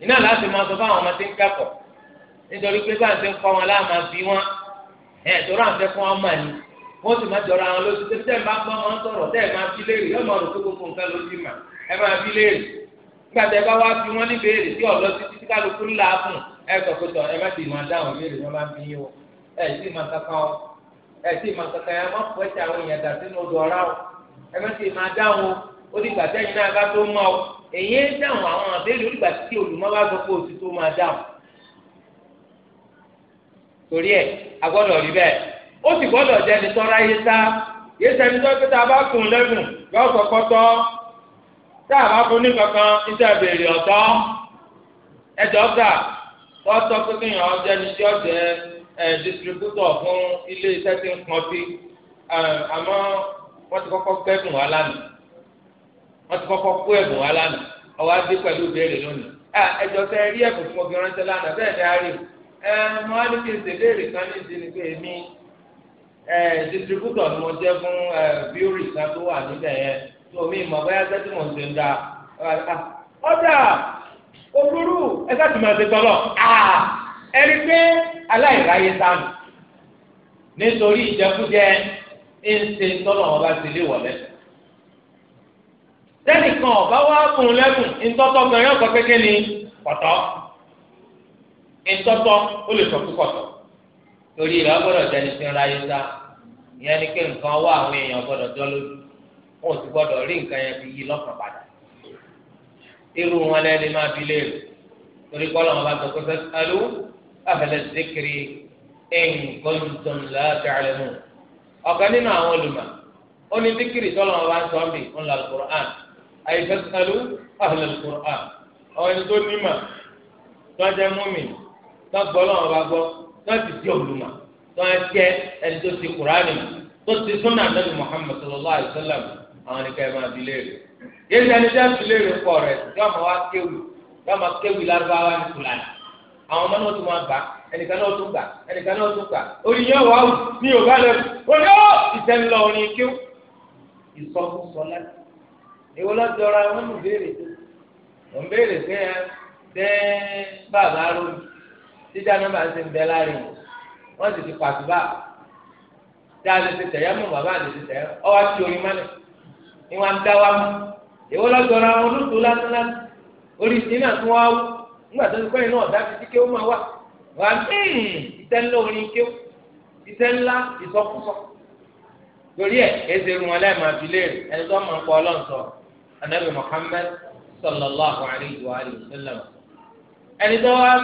iná láti máa sọ fáwọn ọmọ tí ń kẹ́kọ̀ọ́ nítorí pé bá ń ṣe ń kọ́ wọn láàmà bí wọn ẹ̀ tó rà ń fẹ́ fún ọmọ ni wọ́n sì máa jọra àwọn lójú pé tẹ́ ẹ̀ máa gbọ́ wọn sọ̀rọ̀ tẹ́ ẹ̀ máa fi léèrè yóò máa rò pé gbogbo nǹkan ló ti mà ẹ máa fi léèrè nígbà tẹ́ ẹ bá wá fi wọ́n ní béèrè tí ọ̀lọ́ títí tí kálukú ńlá fún ẹ sọ pé tọ ẹ má sì máa dáhùn béèrè wọn bá fi yín o ẹ sì máa kankan o ẹ sì máa kankan ẹ má fọ ẹsẹ àwọn èèyàn dà sínú odò ọ̀rá o ẹ má sì máa dáhùn ó dìgbà sẹ́yìn náà bá tó mọ́ ọ èyí ń dáhùn àwọn àbẹ́lẹ̀ onígbà tí olùmọ́ bá sọ pé òsì tó máa dáhùn. torí ẹ a gbọ́dọ̀ rí bẹ́ẹ̀ ó sì gbọ́dọ̀ jẹ́ ẹni tọ́ra yé sá yé sẹ́ni tó kí tá a bá kùn lẹ́gùn yóò sọ kọ́tọ́ tá a bá fún ní kankan iṣẹ́ ìbèrè ọ̀tọ́ ẹ dọ́kítà tọ́tọ́ pé kéèyàn jẹ́ ẹni tí ó jẹ́ distributor fún ilé iṣẹ́ tí ń pọ́n sí àmọ́ wọ́n ti kọ́kọ́ kó ẹ̀bùn wa lánàá wọ́n ti kọ́kọ́ kó ẹ̀bùn wa lánàá ọwọ́ adé pẹ̀lú ìbéèrè lónìí à ẹjọ́ fẹ́ rí ẹ̀bùn fún ọgbìn ránṣẹ́ lánàá bẹ́ẹ̀ ni a rí ẹ mo wá ní kí n ṣèbéèrè kan ní ìdí ni pé èmi ẹ distributor ni mo jẹ́ fún ẹ bíórì kan tó wà níbẹ̀ yẹn tó mi mọ̀ bóyá sẹ́tì mò ń ṣe ń da ọ̀dà òbúrú ẹ sáàtì máa ṣe tọ́lọ̀ ẹni pé aláìráyé sáàmù nítorí ìjẹkújẹ ẹnṣe tọ́lọ̀ ọba ti lé wọ̀ lẹ́sẹ̀. sẹ́nìkan ọba wa kùn lẹ́kùn ntọ́tọ́ gan yóò sọ kékeré ní kọ̀tọ́ ntọ́tọ́ ó lè sọ fún kọ̀tọ́ torí rẹ̀ ọgbọ́dọ̀ jẹni tí ń ra yín sá ìyẹn ni pé nǹkan wá àwọn èèyàn gbọ́dọ̀ jọ lójú wọn ò sì gbọ́dọ̀ rí nǹkan yẹn fi yí lọ́kàn padà irú wọn lẹ́ni máa fi léèrè torí kọ́ lọ́wọ́ bá sọ pé sẹ́sàlú àfẹlẹ́sẹ̀kiri ẹ̀ ń gbọ́dọ̀ tó ń lọ́ọ́ ọ̀kan nínú àwọn olùmọ̀ ó ní díkìrì tọ́lọ̀ wọn bá ń sọ mí ń lọ alukur'an àyíká sàlù àlọ alukur'an àwọn ẹni tó ní mà tó jẹ́ múmi tó gbọ́ lọ́wọ́ bá gbọ́ tó ti di olùmọ̀ tó jẹ́ ẹni tó ti kùránì tó ti súnà nàbì Muhammad sallallahu alayhi wa sallam àwọn ni kẹ́hìn máa fi léèrè yéèdì ẹni tẹ́ fi léèrè pọ̀ rẹ̀ yọ́ọ̀mọ̀ wá kéwì yọ́ọ̀mọ̀ kéwì lárúbáwá ní kùlà àwọn ọmọ náà ti máa gbà á ẹnìkan náà tún gbà ẹnìkan náà tún gbà oníyàn wà ó ní yorùbá lẹ oní ó ìtẹnulọ orin kíw ìsọfúnsọlá èwo lọ́jọ́ ra wọn nù béèrè tó ò ń béèrè pé ẹ dẹ́ bàbá lórí títà náà máa ń ṣe ń bẹ láàrin wọn sì ti pàtúbà tí a lè ṣe tẹ̀yẹ́ mọ̀ bàbá lè ṣe tẹ̀yẹ́ ọ wá orin mọ́lẹ̀ ni wọn dá wa mọ́ èwo lọ́jọ́ ra wọn lóṣù lásán lásán orí ìdí náà tún wá wú nígbà tó ti pẹ́ iná ọ̀dà ti dí kí ó máa wà. wà míì orin kí ó iṣẹ́ ìsọkúsọ torí ẹ̀ ẹsẹ irun wọn láì máa ẹni tó máa ń kọ ọlọ́ǹsọ anabi muhammed sallallahu alayhi wa sallam ẹni tó wá àwọn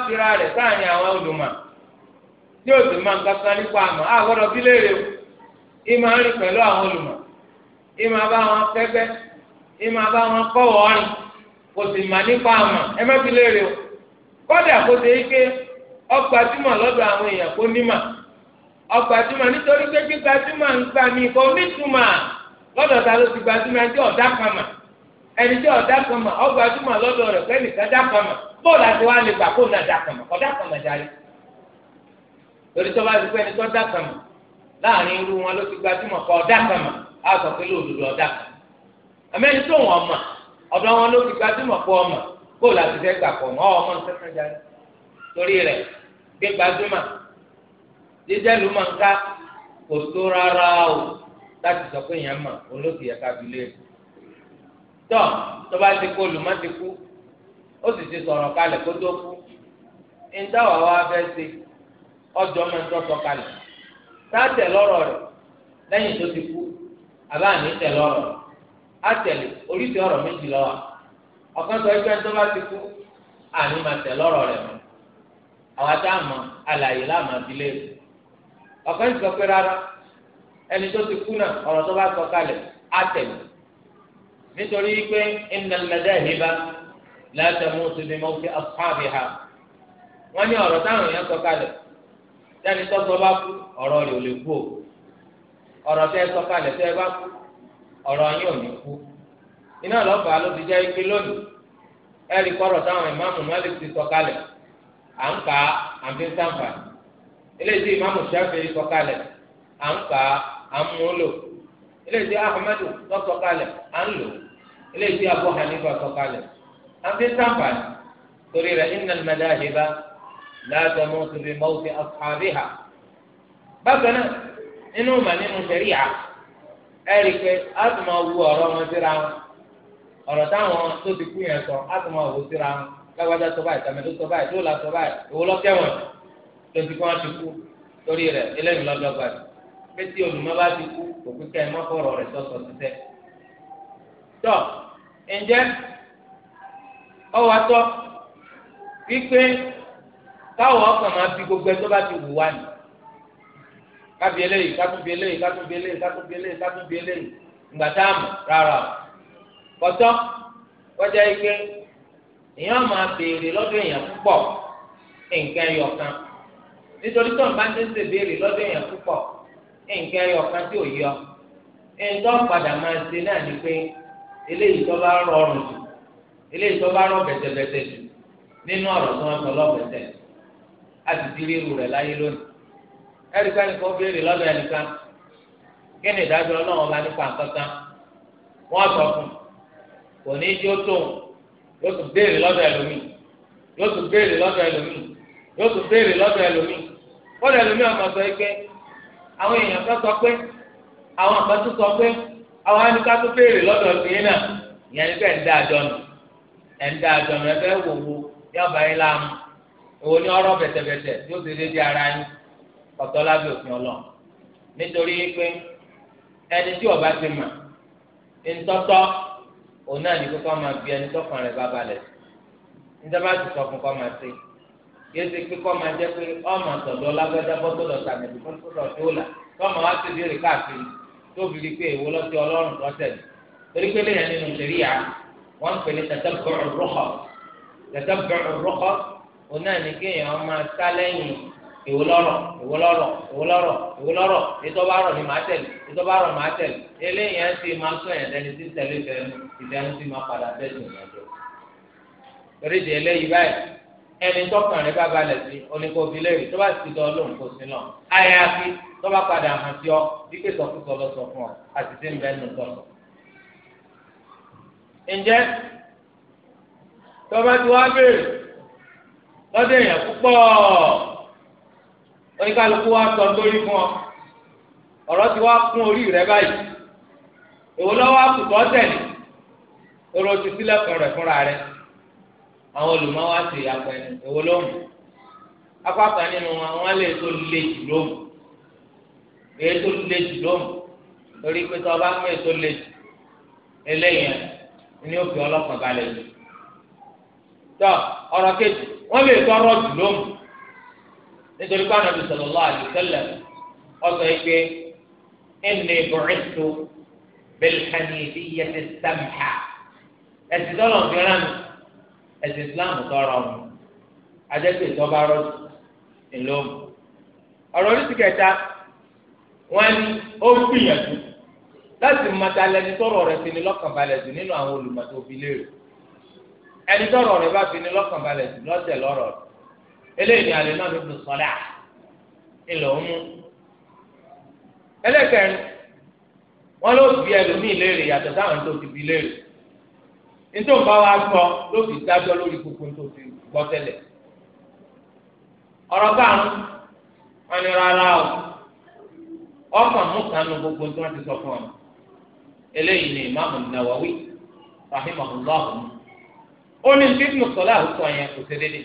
tí o sì máa ń kankan nípa a gbọ́dọ̀ bí léèrè o ìmọ̀ rìn pẹ̀lú àwọn olùmọ̀ ìmọ̀ bá wọn kẹ́kẹ́ ìmọ̀ bá wọn kò sì nípa ẹ má ọgbàdúmọ̀ lọ́dọ̀ àwọn èèyàn kó nímà ọgbàdúmọ̀ nítorí pé gbígbàdúmọ̀ ń gbà mí kò nítumà lọ́dọ̀ ta ló ti gbàdúmọ̀ ẹni tí ọ̀dà kan mà ẹni tí ọ̀dà kan mà ọgbàdúmọ̀ lọ́dọ̀ rẹ̀ pé nìkan dà kan mà wá lè gbà kó nà dà kan mà kan mà jáde torí tó bá ti ẹni tó dà kan mà láàrin irú wọn ló ti gbàdúmọ̀ ọ̀dà kan mà ké gbajúmọ̀ jíjẹ́ lùmọ̀ọ́ká kò tó rárá o láti sọ pé èèyàn ma olóòtú yẹ kábi lé tọ́ tó bá ti kó lùmọ́ ti kú ó sì ti kó tó kú wa ṣe ọjọ́ máa ń kalẹ̀ sáàtẹ̀ tó ti kú àbáàní tẹ̀ lọ́rọ̀ àtẹ̀lé oríṣi ọrọ méjì sọ ẹgbẹ́ tó bá ti kú àní máa àwọn àtàmọ àlàyé láàmà abilé ọkọ ń sọ pé rárá ẹni tó ti kú náà ọ̀rọ̀ tó bá sọ kalẹ̀ á nítorí pé innal madahiba la tamutu bi mawti ashabiha wọ́n ní ọ̀rọ̀ táwọn èèyàn sọ kalẹ̀ tó sọ bá kú ò lè kú o ọ̀rọ̀ tẹ́ sọ bá kú ike lónìí táwọn ìmáàmù ti sọ à ń kà á à ń fi ń sàǹfà eléyìí ìmáàmù Ṣáfi'í sọ kalẹ̀ à eléyìí tí Ahmadu sọ eléyìí tí Abu Hanifa torí rẹ̀ la tamutu bi mawti ashabiha bákan náà nínú mà nínú sẹ̀ríyà ẹ̀rí pé lágbájá sọ báyìí tàmẹdó sọ báyìí dóòlà sọ báyìí ìwọ lọkẹwọn tó kó wọn ti kú torí rẹ̀ eléyìí lọdọgba pé tí olùmọ bá ti kú kẹ sọsọ tọ káwọn ọkàn máa fi gbogbo ẹ tó bá ti wù wá eléyìí eléyìí eléyìí eléyìí eléyìí ìgbà táàmù rárá ike èèyàn máa béèrè lọ́dọ̀ èèyàn púpọ̀ nǹkan ẹyọ kan nítorí tó ń bá ti ń ṣe béèrè lọ́dọ̀ èèyàn púpọ̀ nǹkan ẹyọ kan tí ò yọ padà máa ṣe náà ni pé eléyìí tó bá rọrùn jù eléyìí tó bẹ̀tẹ̀bẹ̀tẹ̀ nínú ọ̀rọ̀ wọ́n sọ lọ́bẹ̀tẹ̀ a ti di ríru rẹ̀ láyé lónìí béèrè lọ́dọ̀ ẹnìkan kí ni yóò tún béèrè lọ́dọ̀ ẹlòmíì yóò tún béèrè lọ́dọ̀ ẹlòmíì yóò tún béèrè lọ́dọ̀ ẹlòmíì wọ́n lè ọmọ sọ pé àwọn èèyàn kan sọ pé àwọn àgbà sọ pé àwọn anìká tó béèrè lọ́dọ̀ náà ìyẹn ní bẹ́ẹ̀ ń dá àjọ nù ẹ̀ ń dá àjọ nù wò di ara yín ọ̀tọ̀ lábẹ́ òfin ọlọ́ nítorí pé ẹni tí ọba ti mà ń òun náà ní kó kọ́ máa bí ẹni tọkàn rẹ̀ bá balẹ̀ níjọba ti sọ fún kọ́ máa ṣe yé ṣe pé kọ́ máa jẹ́ pé ọmọ tọ̀dọ̀ lágbájá bọ́tọ̀dọ̀ tàbí bọ́tọ̀dọ̀ tó là tọ́mọ wá sí ìbéèrè káàkiri tó di pé èwo lọ́sí ọlọ́run lọ́sẹ̀ torí pé lẹ́yìn nínú ìṣẹ̀ríyà wọ́n ń pè ní tẹ̀tẹ̀ bọ̀rọ̀ rọ́kọ̀ tẹ̀tẹ̀ bọ̀rọ̀ rọ́kọ̀ ìwò lọ́rọ̀ ìwò lọ́rọ̀ ìwò lọ́rọ̀ ìwò lọ́rọ̀ ìtọ́ba rọ̀ ni màá tẹ̀lé ìtọ́ba rọ̀ màá tẹ̀lé eléyìí ẹ̀ ń sì máa sún ẹ̀ lẹ́ni tí tẹ̀lé fẹ́ẹ́nu ìfẹ́ ń sì máa padà tẹ̀sùn ìrìnàjò. torí di eléyìí báyìí ẹni tọkàn rẹ bá balẹ̀ sí oníkóbi lẹ́yìn tó bá ti dán lóhùn kó sí náà àyàfi tó bá padà hàn sí ọ dípé sọkúsọ lọ sọ fún ọ àti tí ń bẹ nù sọsọ. ǹjẹ́ tọ́ba tí wàá béèrè lọ́dẹ̀ yẹn púpọ̀ oníkálukú wa sọ lórí fún ọ ọ̀rọ̀ ti wá kún orí rẹ báyìí èwo lọ́wọ́ àkùtọ̀ tẹ̀lé oró ti sílẹ̀kùn rẹ̀ fúnra rẹ̀ àwọn olùmọ̀ wa ti yàgbẹ́ èwo ló mú apákan nínú wọn wọn lè tó lé jù lóhùn èyí tó lé jù lóhùn torí pé tó o bá mú èyí tó lé jù eléyìí ni ó fi ọlọ́kàn balẹ̀ jù tọ́ ọ̀rọ̀ kejì wọ́n lè tọrọ jù lóhùn nítorí pé Ànábì sallallahu alaihi wasallam ọsọ ìgbé inni bu'ithtu bilhanifiyyati samha ẹ̀sìn tó lọ́n fi rán mi ẹ̀sìn islam tó rọrùn adẹ́gbẹ́ ìtọ́ba rọ́ọ̀dù ńlọ́mù ọ̀rọ̀ orí ti kẹta wọ́n ní ó gbìyànjú láti mọta lẹni tọ́rọ̀ rẹ̀ fi ni lọ́kànbalẹ̀ sí nínú àwọn olùmọ̀tò òbí léèrè ẹni tọ́rọ̀ rẹ̀ bá fi ni lọ́kànbalẹ̀ sí lọ́tẹ̀ lọ́rọ̀ rẹ̀ eléyìí ni àlè náà ló fi sọlá ńlọ mú ẹlẹ́kẹrin wọn ló bi ẹlòmíì léèrè yàtọ̀ sáwọn tó ti bi léèrè nítorí bá wa gbọ́ ló fi dájọ́ lórí gbogbo tó ti gbọ́ tẹ́lẹ̀ ọ̀rọ̀ báwọn wọn ni rárá o ọkàn mú kanu gbogbo tí ti sọ fún ọ eléyìí ni ìmáàmù Nawawi rahimahullah ó ní bíbí mùsọlá àwùjọ yẹn kò ṣe déédéé.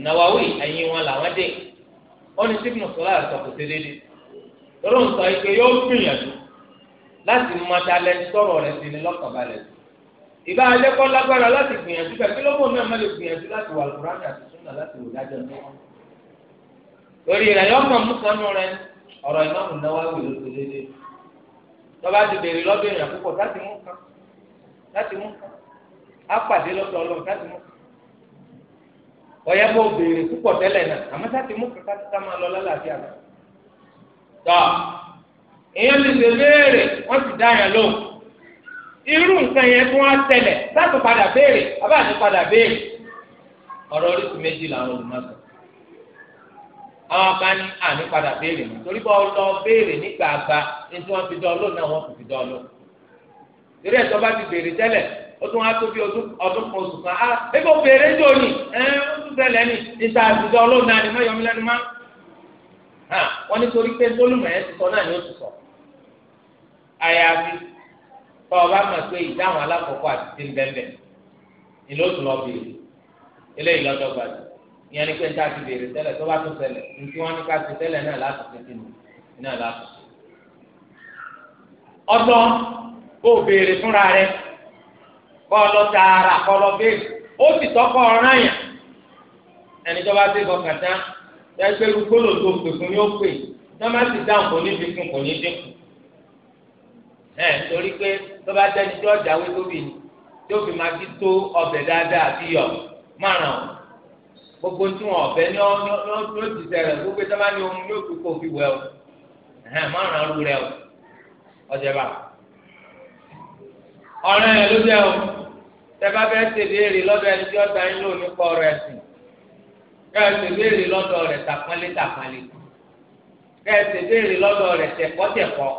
Nawawi ẹ̀yìn wọn làwọn dé wọ́n ní sípìnà sọ́lá àtọ̀kù sí déédéé lọ́rọ̀ ń sọ ike yóò gbìyànjú láti mọ dalẹ̀ sọ̀rọ̀ rẹ̀ sí ni lọ́kànbalẹ̀ sí ìbá alẹ́kọ́ lágbára láti gbìyànjú bẹ́ẹ̀ kí ló mọ̀ náà má lè gbìyànjú láti wà lùkùránì àti súnà láti wò dájọ́ ní wọn. lórí rẹ̀ yọ ọmọ mùsànù rẹ̀ ọ̀rọ̀ ìmáàmù Nawawi ló ti déédéé tọ́ba ti bèrè lọ́dọ̀ èèyàn púpọ̀ láti mú kan láti mú kan á pàdé lọ́dọ̀ ọlọ́run láti mú kan ọ̀yẹ́ kò béèrè púpọ̀ tẹ́lẹ̀ náà àmọ́ sáti mú kàkà tó ká máa lọ lálàáfíà náà. tọ́ èèyàn lè ṣe béèrè wọ́n ti dá yàn lóhùn irú nǹkan yẹn tó wọ́n tẹ̀lẹ̀ sáàtò padà béèrè bàbá àti padà béèrè ọ̀rọ̀ oríṣi méjì làwọn olùmọ̀sán àwọn kan ní àní padà béèrè mọ́ torí bá lọ béèrè nígbà àgbà ní tí wọ́n fi dán lóhùn náà wọ́n kò fi dán lóhùn. eré ẹ̀tọ́ bá ti béèrè tẹ́lẹ̀ o tún wá tó bí ọdún ọdún kan sùn kan á ebi òbèrè ń dòní ẹ ó tún bẹ̀rẹ̀ ní níta àtijọ́ ọlọ́run náà ni má yọmí lẹ́nu má. Ah, wọ́n nítorí pé gbólùmọ̀ ẹ̀ ti sọ náà ni ó ti sọ. àyàfi tọ́ ọ bá mọ̀ pé ìdáhùn alákọ̀ọ́kọ́ àti ti ń bẹ́ẹ̀ ni ló tún lọ bèèrè eléyìí lọ́dọ̀ gbàdú ìyẹn ni pé níta ti bèèrè tẹ́lẹ̀ tó bá tún ṣẹlẹ̀ nítí wọ́n ní ká ti tẹ́lẹ̀ náà láti ti ti nù náà láti. ọdún ó bèèrè kọlọ tààrà kọlọ bẹ́ẹ̀ ó sì tọkọ ọ̀ràn yàn ẹni bá dé bọkàtà ẹgbẹ́ gbólò tó pè fún yóò pè torí pé tó bá dẹni ọjà tóbi ni tó fi máa àti yọ márùn gbogbo tí wọn ní gbogbo ní ohun fi o rẹ o ọjà bá yẹn ló o. tẹ́bá bẹ́ẹ̀ ṣe léèrè lọ́dọ̀ ẹni tí ọ̀tá ń lò nípa ọ̀rọ̀ ẹ̀sìn bẹ́ẹ̀ ṣe léèrè lọ́dọ̀ rẹ̀ tàpọ́nlé tàpọ́nlé bẹ́ẹ̀ ṣe léèrè lọ́dọ̀ rẹ̀ tẹ̀kọ́tẹ̀kọ́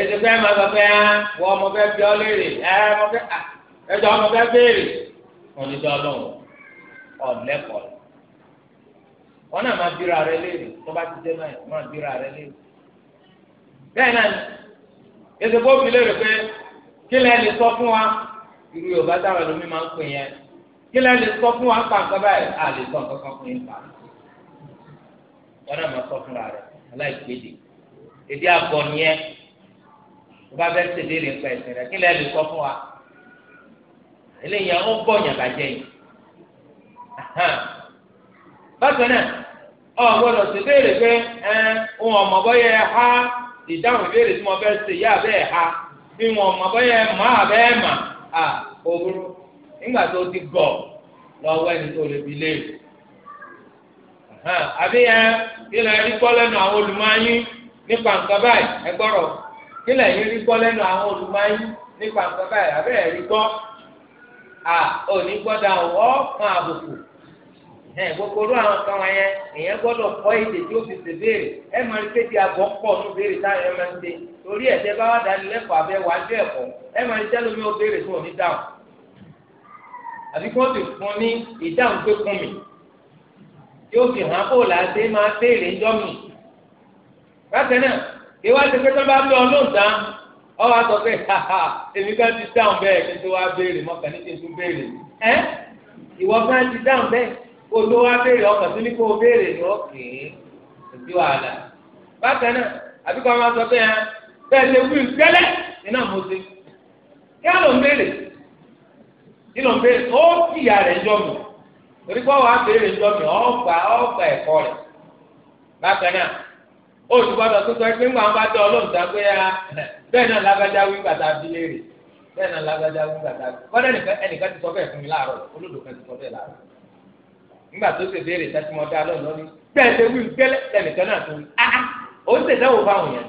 ètò bẹ́ẹ̀ máa sọ pé wọ ọmọ bẹ́ẹ̀ bí ọ léèrè ẹjọ́ ọmọ bẹ́ẹ̀ béèrè onídọ́ ọlọ́run ọ̀lẹ́kọ̀ọ́ wọn náà máa bíra rẹ léèrè tó bá ti dé náà máa bíra rẹ léèrè bẹ́ẹ̀ náà ètò bó fi léèrè pé kí lẹ́ lè sọ fún wa irú yorùbá táwọn ẹlòmíì máa ń pè yẹn kí lẹ́ lè sọ fún wa ń pa nǹkan báyìí a lè sọ nǹkan kan fún yín pa wọn náà máa sọ fúnra rẹ aláìgbèdè èdè àgọ́ nìyẹn tó bá fẹ́ ṣèdè lè pa ẹ̀sìn rẹ kí lè sọ fún wa eléyìí ó bọ̀ yàgàjẹ́ yìí bákan náà ọ gbọ́dọ̀ ṣe béèrè pé ẹ ohun ọmọ bọyẹ ha ìdáhùn ìbéèrè tí mo fẹ́ ṣe yá bẹ́ẹ̀ ha. ìwọ̀n ọmọ abụọ ẹ̀ mọ́ àbẹ́ ẹ̀ mà á òwúrọ̀ nígbà tó ti gọ̀ lọ́wọ́ ẹni tó lè fi léèrè. àbí ẹ kílẹ̀ rí gbọ́ lẹ́nu àwọn olùmọ̀ọ́yìn nípa nǹkan ẹ gbọ́rọ̀ kílẹ̀ rí lẹ́nu àwọn olùmọ̀ọ́yìn ẹ gbogbo olú àwọn kan wọn yẹn èèyàn gbọ́dọ̀ kọ́ èdè tí ó fi ṣe béèrè ẹ máa ń ké di àgọ́ pọ̀ ní béèrè táwọn ẹ máa ń ṣe torí ẹ̀jẹ̀ bá wà dání lẹ́kọ̀ọ́ abẹ́ wà á dé ẹ̀kọ́ ẹ máa ń tẹ́lu mi ó béèrè fún òní dáhùn àbí kí wọ́n ti fún ní ìdáhùn pé kún mi tí ó fi hàn kóòlà ṣe máa béèrè ńjọ́ mi. bákan náà kí wọ́n ti pé tó bá bí ọlọ́ọ̀dá ọ wá sọ pé èmi kan ti dáhùn bẹ́ẹ̀ kí n tó wá béèrè mọ́kànlélẹ́gbẹ̀ẹ́ kó tó béèrè ọkàn tó ní kó o béèrè ní ọ̀kìn òbí wàhálà bákan náà àbí kó máa sọ pé hàn ah, bẹ́ẹ̀ ṣe wí iná mo kí á lọ béèrè kí béèrè ó jọ mi torí jọ mi ọgbà ọgbà bákan náà ó ti tó sọ pé ńgbà wọn Ọlọ́run ya ah, bẹ́ẹ̀ náà lágbájá wí bí léèrè bẹ́ẹ̀ náà lágbájá wí bí kọ́dọ̀ nígbà tó ṣe béèrè sátí mo dá lọ́nà ní bẹ́ẹ̀ ṣe wí gẹ́lẹ́ lẹ́nìkan náà tó ní áá ó ń tẹ̀sẹ̀ wò fáwọn yẹn.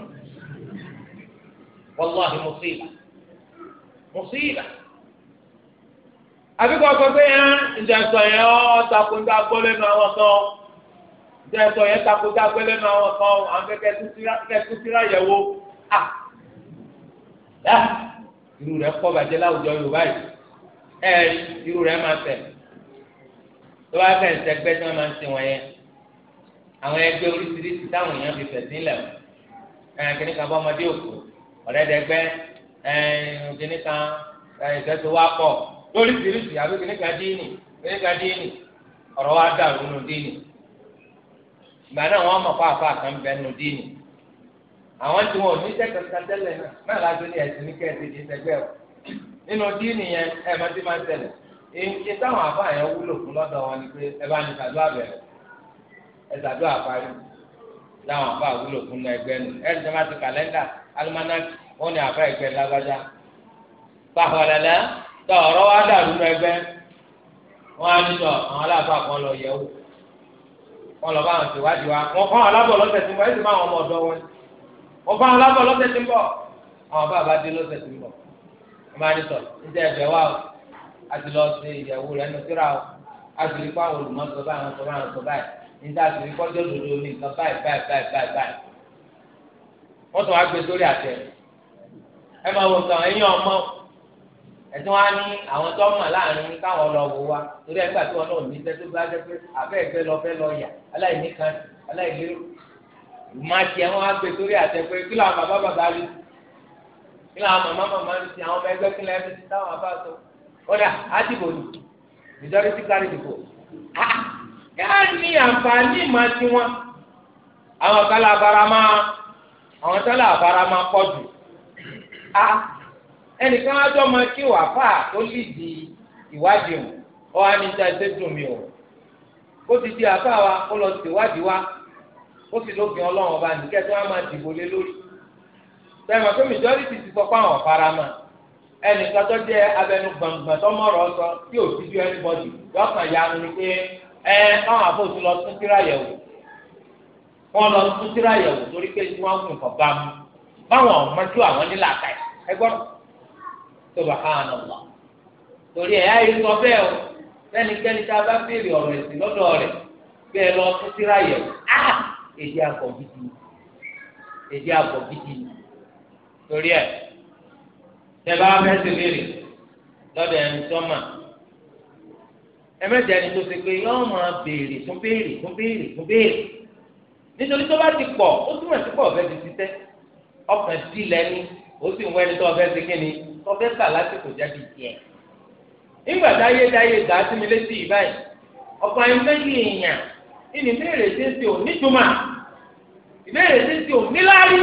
wàláhi mùsíbà mùsíbà àbíkọ́ ọkọ pé ẹ ǹjẹ̀sọ̀ yẹn ọ́ takunta gbọ́lẹ́nu àwọn kan ǹjẹ̀sọ̀ yẹn takunta gbọ́lẹ́nu àwọn kan àwọn kẹ́kẹ́ tó síra yẹ̀ wo à irú rẹ̀ kọ́ bàjẹ́ láwùjọ Yorùbá yìí ẹ̀ irú rẹ̀ máa tẹ̀ tó bá fẹ́ ìṣẹ́gbẹ́ tí wọ́n máa ń sin wọn yẹn àwọn ẹgbẹ́ oríṣiríṣi táwọn èèyàn fi fẹ̀sí ńlẹ̀ ẹ̀ẹ́n kìnnì kan bá ọmọdé òkú ọ̀rẹ́dẹgbẹ́ ẹ̀ẹ́n kìnnì kan ìfẹ́sọ wá pọ̀ lóríṣiríṣi àbí kìnnì kan díìnì kìnnì kan díìnì ọ̀rọ̀ wa dà lónú díìnì ìgbà náà wọ́n mọ̀ fáfá kan bẹ́ẹ̀ nù díìnì àwọn tí wọn ò ní sẹ́kọ̀ọ́ tẹ́lẹ̀ náà náà láti ní ẹ̀sìn ní kẹ́ẹ̀sì ti sẹ́gbẹ́ o nínú díìnì yẹn ẹ̀ẹ́mọ́tí máa ń tẹ̀lẹ̀ èyí táwọn àbá yẹn wúlò fún lọ́dọ̀ wọn ni pé ẹ bá ní sàdúrà bẹ̀rẹ̀ ẹ sàdúrà parí láwọn àbá wúlò fún náà ẹgbẹ́ nù ẹ ní sọ́mà ti kàlẹ́ndà wọn ni àbá ẹgbẹ́ lágbájá pàhọ̀lẹ́lẹ́ tọ ọ̀rọ̀ wa dàrú nù ẹgbẹ́ wa wọn kọ́ lọ́sẹ̀ tí ń bọ̀ ẹ sì máa wọn ọ̀dọ́ wọn wọn lọ́sẹ̀ tí ń bọ̀ àwọn dé lọ́sẹ̀ tí ń bọ̀ wọn ní àti lọ sí ìyàwó rẹ̀ ẹnu síra o àti rí fún àwọn olùmọ̀sọ báyìí àwọn sọ báyìí àwọn sọ báyìí níta àti rí kọ́jọ́ lòdò ní nǹkan báyìí báyìí báyìí báyìí wọ́n tún wá gbé sórí àtẹ ẹ máa wọ nǹkan ẹ̀yìn ọmọ ẹ̀sìn wa ní àwọn tó mọ̀ láàrin káwọn lọ wò wa torí ẹgbà tí wọn náà ní tẹ́tí bá jẹ́ pé àbẹ́ẹ̀fẹ́ lọ fẹ́ lọ yà aláìní kan aláìlérò máa tiẹ̀ wọn á gbé sórí àtẹ pé kí làwọn bàbá bàbá rí kí làwọn màmá màmá rí ti àwọn ọmọ ẹgbẹ́ kí lẹ́ẹ̀mí ti táwọn bá sọ ọ̀dà àdìbò ni majority carry the vote. káàní ní àǹfààní ìmọ̀ tiwọn àwọn kálá abara máa àwọn tálá abara máa pọ̀ jù. ẹnìkan á jọ máa kí wàá fà tó lì di ìwádìí mu ọ wá ní ta ẹsẹ̀ dùn mí o ó ti di àbá wa ó lọ ṣèwádìí wa ó sì lófin ọlọ́run ọba nìkẹ́ tí wọ́n máa dìbò lé lórí. sẹ́yìn mọ̀ pé majority ti sọ pé àwọn ọ̀fara máa. ẹnìkan tó jẹ abẹnú gbọ̀ngbọ̀n tó mọ̀rọ̀ sọ tí o ti ju ẹnibọ́dì yọkàn ya ni pé ẹ káwọn lọ tún síra yẹ̀wò wọn lọ tún síra yẹ̀wò torí pé tí wọ́n gùn kọ̀ọ̀bá mu báwọn ọ̀mọ́jú àwọn nílà àkàì ẹgbọ́n tó bá lọ torí ayé sọ bẹ́ẹ̀ o tá a bá ọ̀rọ̀ ẹ̀sìn lọ́dọ̀ rẹ̀ bẹ́ẹ̀ lọ tún ah! èdè tẹ̀bá fẹ́ ti léèrè lọ́dọ̀ ẹni tó mà ẹ̀mẹ́jẹ ni tó ti pé yọ́ọ́ máa béèrè tún béèrè tún béèrè tún béèrè nítorí tó bá ti pọ̀ ó túmọ̀ sí pọ̀ ọ̀fẹ́ ti ti tẹ́ ọkàn dì lẹ́ni ó sì ń wẹ́ni tó ọ̀fẹ́ ti kí ni ọ̀fẹ́ kà lásìkò jáde tiẹ̀ nígbà táyé táyé gbà á sí mi létí ìbáyìí ọ̀pọ̀ àyìn méjì èèyàn ìní béèrè tí ń ti ò níjùmọ̀ ìbéèrè tí ń ti ò níláárí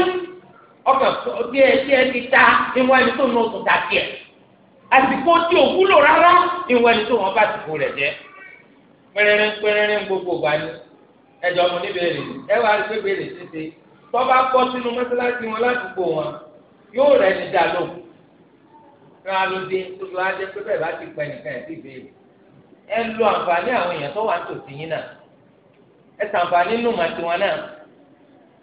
ọkàn díẹ̀ díẹ̀ ti ta ìwọ ẹni tó nù oṣù ta díẹ̀ àsìkò tí ò wúlò rárá ìwọ ẹni tó wọn bá ti kú rẹ jẹ pẹrẹrẹ pẹrẹrẹ gbogbo gbà ní ẹjọ ọmọ níbẹ̀rẹ̀ ẹ wà á gbé bẹ̀rẹ̀ títí tọba kọ sínú mọ́sálásí wọn ládùúgbò wọn yóò rẹ ní dà lóhùn kí wọn ló dé tó lọ adé pé bẹ́ẹ̀ bá ti pẹ nìkan ẹ ti béèrè ẹ lo àǹfààní àwọn èèyàn tó wà ń tòsí yín náà ẹ sàǹfààní nù màtí wọn náà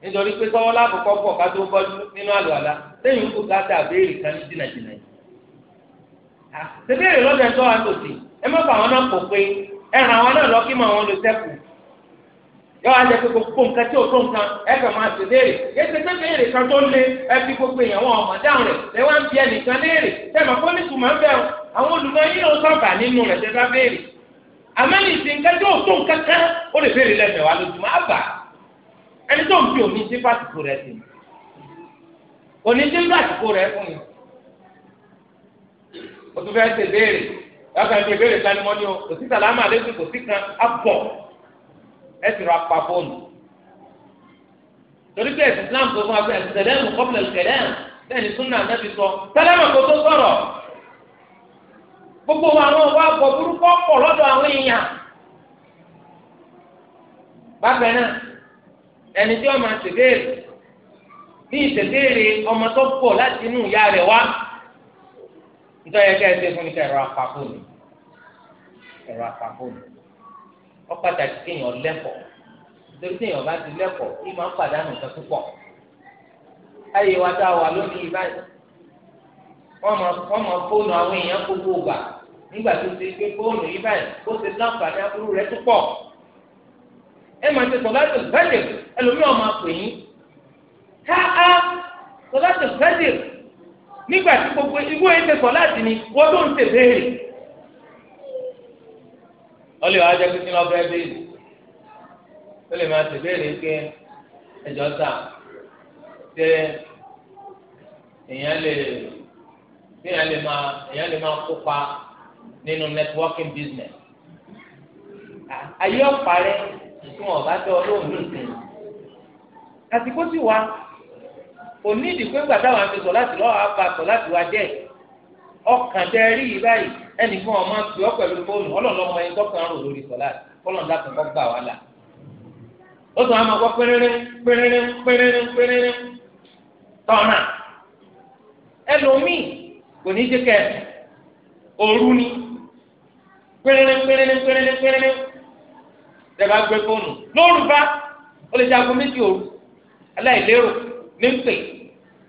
nítorí pé sọ́wọ́ lákòókò pọ̀ ká tó bọ́ nínú àlùwàlá lẹ́yìn kó ká tà béèrè kan ní jìnnàjìnnà yìí. àtẹ̀bẹ̀rẹ̀ lọ́dẹ̀ tó wà lòdì ẹ má fà wọn náà kò pé ẹ ràn wọn náà lọ kí màá wọn lè sẹ́kù. yọ àjẹ pé gbogbo nǹkan tí ò tó nǹkan ẹ kàn máa ṣe léèrè yéṣe pé béèrè kan tó lé ẹ fi gbogbo ìyàwó ọmọ dáhùn rẹ lẹ wá ń bi ẹnìkan léèrè tẹmọ pólísù máa ń bẹ àwọn olùmọ yìí ló sọ̀bà nínú rẹ̀ tẹ bá béèrè àmọ́ nìsín nǹkan tí tó nǹkan kan ó lè béèrè lẹ́mẹ̀wá lójúmọ́ àbà ẹni tó ń fi òní sí pàtìkù rẹ̀ sí òní sí pàtìkù rẹ̀ fún mi o tún fẹ́ ṣe béèrè yàtọ̀ ẹni béèrè kan ni mo ní o kò sí sàlámà lẹ́sìn kò sí kan á bọ̀ ẹ sì ra pa fóònù torí pé ẹ̀sìn Islam tó fún wa pé ẹ̀sìn sẹ̀lẹ̀mù kọ́pìlẹ̀ sẹ̀lẹ̀mù bẹ́ẹ̀ ni súnà ànábì sọ sẹ̀lẹ̀mù kò tó sọ̀rọ̀ gbogbo àwọn ọba àgbọ̀ burúkú ọ̀pọ̀ lọ́dọ̀ àwọn èèyàn bákan náà. ẹni tí wọ́n máa ṣèbéèrè ní ìṣèbéèrè ọmọ tó pọ̀ láti inú ìyá rẹ̀ wá nítorí ẹgbẹ́ ẹgbẹ́ fún mi kéèyàn nítorí kéèyàn bá ti kí máa pàdánù ayé wa tá a wà lónìí báyìí wọ́n máa fóònù àwọn èèyàn gbogbo ògbà nígbà tó ti gbé fóònù yìí báyìí ti ẹ máa ṣe sọláṣẹ fẹjẹ ẹlòmíràn máa pè yín ká á sọláṣẹ fẹjẹ nígbà tí gbogbo igbó yẹn ṣe sọláṣẹ ni wọn tó ń ṣe béèrè wọn lè wá jẹ pé kí wọn fẹẹ béèrè ó lè máa ṣe béèrè pé ẹjọ sà ṣe èèyàn lè èèyàn lè máa èèyàn lè máa kópa nínú networking business àyè ọ̀pá rẹ̀. tí ọba bá dọ nìkan àsìkò sì wá òní ìdìpé gbàtà wà fi sọ láti lọ́wọ́ àbá láti wá jẹ́ ọkàn tẹ rí yìí báyìí ẹnì fún ọmọ ọ pẹ̀lú fóònù ọlọ́lọ́mọ ẹni rò lórí kọ́ gbà wá là ó sọ àwọn ẹlòmíì kò ni dẹ́gbà gbé fóònù lóru bá ó lè jagun méjì òru aláìlérò ní pè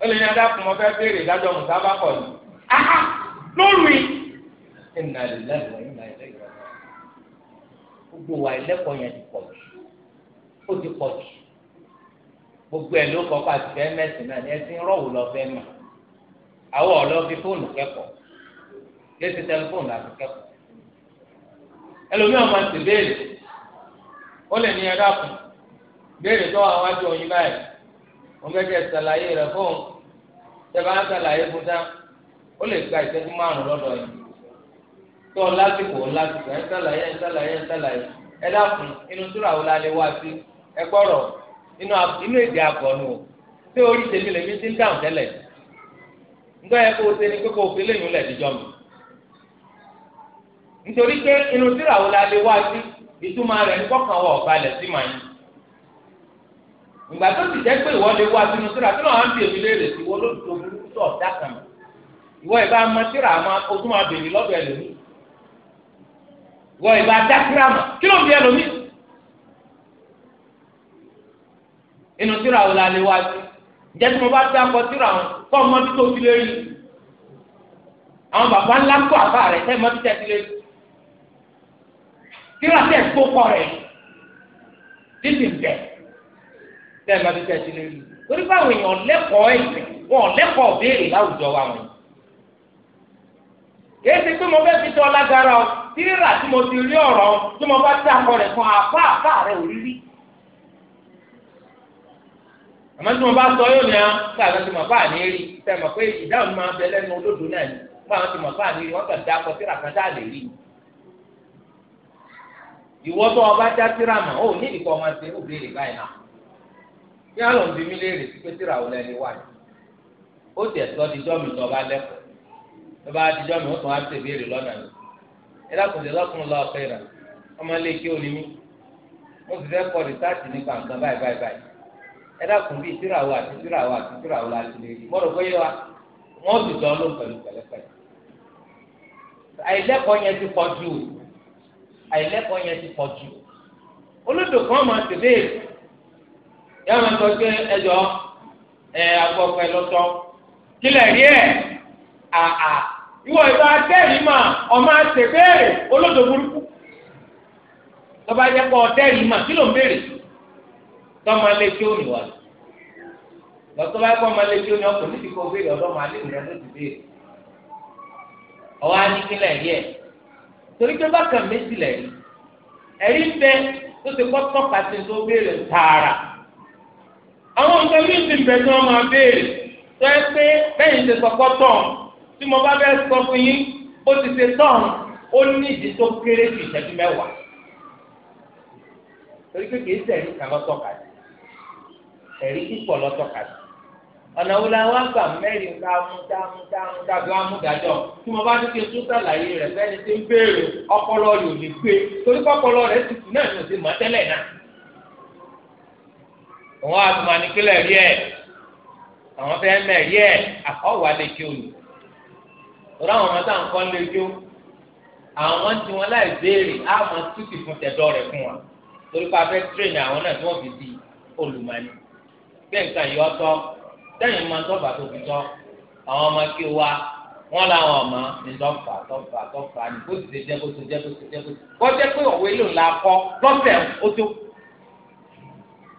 ó lè ní adákùn mọ́ fẹ́ béèrè ìdájọ́ mùsàlá kọ̀ ní. aha lóru yìí ìnà ìlẹ́nu ìnà ìlẹ́nu gbogbo wa ìlẹ́kọ̀ọ́ yẹn ti pọ̀ jù ó ti pọ̀ jù gbogbo ẹ̀ ló kọ́ pàṣẹ fẹ́ mẹ́sìn náà ní ẹsìn rọ́ọ̀wù lọ fẹ́ mà àwọn ọ̀lọ́ fi fóònù kẹ́kọ̀ọ́ lẹ́sìn tẹlifóònù láti kẹ́kọ̀ọ́ ó lè ní ẹ̀dá kù béèrè tó àwọn àjọ yín báyìí wọn bẹ jẹ rẹ fún ń fún tán ó gba ìṣẹ́jú márùn lọ́dọ̀ yìí tó o lásìkò o lásìkò ẹ̀ ń ṣàlàyé ẹ̀ ń ṣàlàyé ẹ̀ ń ṣàlàyé ẹ̀dá kù inú túrà wo la lè wá sí ẹ gbọ́rọ̀ inú èdè àkọ́nù o tí orí tèmi lèmi ti ń dáhùn tẹ́lẹ̀ ńgbọ́ kó o ṣe ni pé kó o fi léyìn mi nítorí pé inú ìtumọ̀ rẹ̀ ní kọ́kàn wọ̀ balẹ̀ sí màá yín ìgbà tó ti jẹ́ pé ìwọ lè wá sínú síra tí wọ́n á ń bí èmi léèrè sí ìwọ lóṣù burúkú tó ọ̀dà kan mọ̀ ìwọ ìbá ma síra ma ojú ma bèrè lọ́dọ̀ ẹlòmíì ìwọ ìbá dá síra mọ̀ kí ló ń bí ẹlòmíì inú síra wo la lè wá sí ǹjẹ́ tí mo bá dá akọ síra wọn kọ́ ọmọdé tó fi lé rí àwọn bàbá ńlá kọ́ àbá rẹ̀ tẹ́ kíra tẹ̀ tó kọ rẹ̀ títí bẹ̀ tẹ́ ẹ bá fi tẹ̀sí lórí torí báwọn èèyàn lẹ́kọ̀ọ́ ẹ̀sìn wọn lẹ́kọ̀ọ́ béèrè láwùjọ wa wọn. kìí ṣe pé mo fẹ́ fi tọ́ lágara o kíra tí mo ti rí ọ̀rọ̀ tí mo bá tẹ akọ rẹ̀ fún àfa àfa rẹ̀ òrírí. àmọ́ tí mo bá sọ yóò ní a kí àwọn ti mọ̀ bá àní rí tẹ́ mọ̀ pé ìdáhùn máa bẹ lẹ́nu olódò náà ni kí àwọn ti mọ̀ bá àní rí wọ́n kàn ìwọ tó ọba já tíramà ó ní ìdìkọ ọmọ ṣe ó báyìí náà kí á lọ ń bi léèrè sí pé tíra ò lẹni wáyé ó tẹ̀ ọba lẹ́kọ̀ọ́ tó bá dídọ́ mi ó tún á ṣe béèrè lọ́nà mi ẹ lákòóso lọ́kùnrin lọ́ọ́ fẹ́ rà ọmọ ilé kí ó ní mí mo sì fẹ́ kọ́ rìsáàtì nípa nǹkan báyìí báyìí báyìí àti àìlẹ́kọ̀ọ́ yẹn ti pọ̀ jù olódò kan máa tẹ̀lé yà máa sọ pé ẹjọ́ ẹ agbọ́pọ̀ ẹ lọ́tọ́ kílẹ̀ rí ẹ̀ àà ìwọ ìwà atẹ́rìí mà ọmọ àtẹ̀bẹ́rẹ̀ olódò burúkú tọ́ba jẹ́ pọ̀ ọ̀tẹ́rìí mà kí ló ń béèrè tọ́mọ lé kí ó nìwà lọ́tọ́ bá gbọ́ ọmọ lé kí ó ní ọkùnrin ti kó béèrè ọ̀dọ́ màálé ìrẹ́lẹ́ ti béèrè ọwọ́ á ní kílẹ̀ rí ẹ̀ torí pé bákan méjì lẹ́yìn ẹ̀rí ń bẹ tó ti kọ́ tọ́ka sí tó béèrè tààrà àwọn nǹkan yóò ti bẹ̀ tí wọ́n máa béèrè tó ẹ pé bẹ́ẹ̀ ni ti sọ̀kọ́ tọ̀hún tí mo bá bẹ́ẹ̀ sọ fún yín ó ti ṣe tọ̀hún ó ní ìdí tó kéré ju ìṣẹ́jú mẹ́wàá torí pé kìí ṣe kan lọ́tọ̀ka sí ẹ̀rí kíkọ̀ lọ́tọ̀ka sí ọ̀nà wo la wá gbà mẹ́rin ká mú ká mú ká mú ká bí wá mú dájọ́ tí mo bá ní kí n tún sàlàyé rẹ̀ fẹ́ni tí ń béèrè ọpọlọ rẹ̀ ò lè gbé torí pọpọlọ rẹ̀ ti kù náà ní òsè mọ́ tẹ́lẹ̀ náà. òun àgùnmọ̀ àníkílẹ̀ rí ẹ̀ àwọn fẹ́ mẹ́rí ẹ̀ àkọ́wà lè kí olù. torí àwọn ọmọ táwọn kan lè jó àwọn tí wọn láì béèrè á mọ tútù fún tẹ̀dọ́ rẹ̀ fún wa torí pé a fẹ́ tírèèni àwọn náà tí wọ́n fi di sẹ́yìn máa tọ́fà tó fi tọ́ àwọn ọmọ kí wa wọ́n làwọn ọmọ ní tọ́fà tọ́fà tọ́fà ní kó ti jẹ́ kó ti jẹ́ kó ti jẹ́ kó ti kọ́ jẹ́ pé òwe ló la kọ́ lọ́sẹ̀ ó tó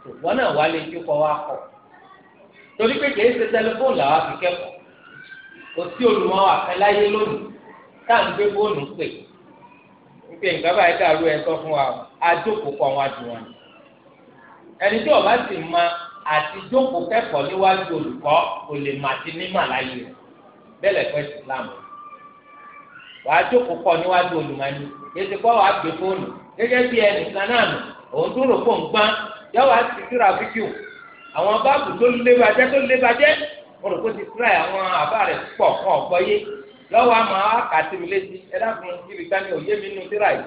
ṣùgbọ́n náà wà lè jókòó wa kọ̀ torí pé kìí ṣe tẹlifóònù làwọn fi kẹ́kọ̀ọ́ kò sí olùmọ̀ àfẹ́láyé lónìí tá à ń gbé fóònù pè pé nǹkan báyìí dàrú ẹ sọ fún wa àjókòó kọ́ wọn adùn wọn ẹni tí ọba sì máa àti jókòó kẹ́kọ̀ọ́ níwájú olùkọ́ kò lè má ti mímà láyé rẹ̀ bẹ́ẹ̀ lẹ́kọ́ Islam wàá jókòó kọ́ níwájú olùmọ̀ni ètò kọ́ wàá gbé fóònù gẹ́gẹ́ bí ẹnìkan náà nù òun dúró fò ń gbọ́n yọ wàá ti síra fídíò àwọn báàbù tó lé bàjẹ́ tó lé bàjẹ́ mo rò pé ti síra àwọn àbá rẹ̀ pọ̀ fún ọ̀pọ̀ yé lọ́wọ́ àmọ́ àkàtì mi létí ẹ dákun ibi ká ní òye mi nù síra yìí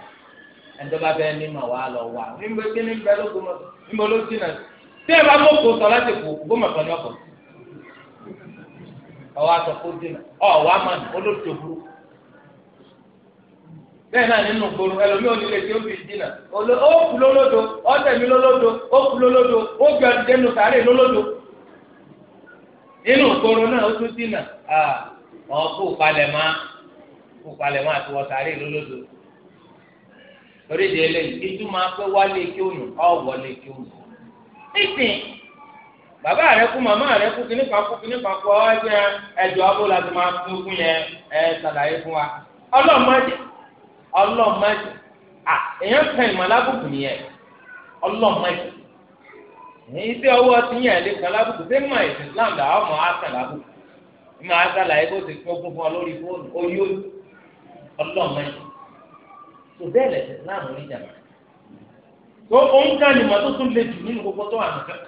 ẹnjọba bẹ́ẹ̀ ní ma wà á lọ wà níbo kí ni bẹ́ẹ̀ ló gbọmọ níbo ló ti nà tí ẹ bá mọ kó sọ láti kó gbọmọ sọ ní ọkọ ọwọ́ aṣọ kó dì nà ọwọ́ àmà ní burú náà nínú gbòòrò ẹlòmí lè ó fi dì ó kú lólódo lólódo ó kú lólódo ó ọdún sáré lólódo nínú gbòòrò náà ó tún dì torí ìdí eléyìí ìtumọ̀ pé wálé kí ònù ọ̀wọ́ lé kí ònù. nísìn bàbá rẹ kú màmá rẹ kú kíní kan kú kíní kan kú ọ ẹjọ abó la ti máa fún ogún yẹn ẹ fún wa ọlọ́mọdé ọlọ́mọdé à èèyàn kan ìmọ̀ lábùkù nìyẹn ọlọ́mọdé ọwọ́ ti yàn lé kan lábùkù mọ̀ ẹ̀sìn Islam ọmọ lábùkù ìmọ̀ ti fún ọ lórí fóònù ọlọ́mọdé. tó bẹ́ẹ̀ lẹ́sẹ̀ islam ní jàmbá tó òun ká ni màtó tún lè jù nínú gbogbo tó wà nìkan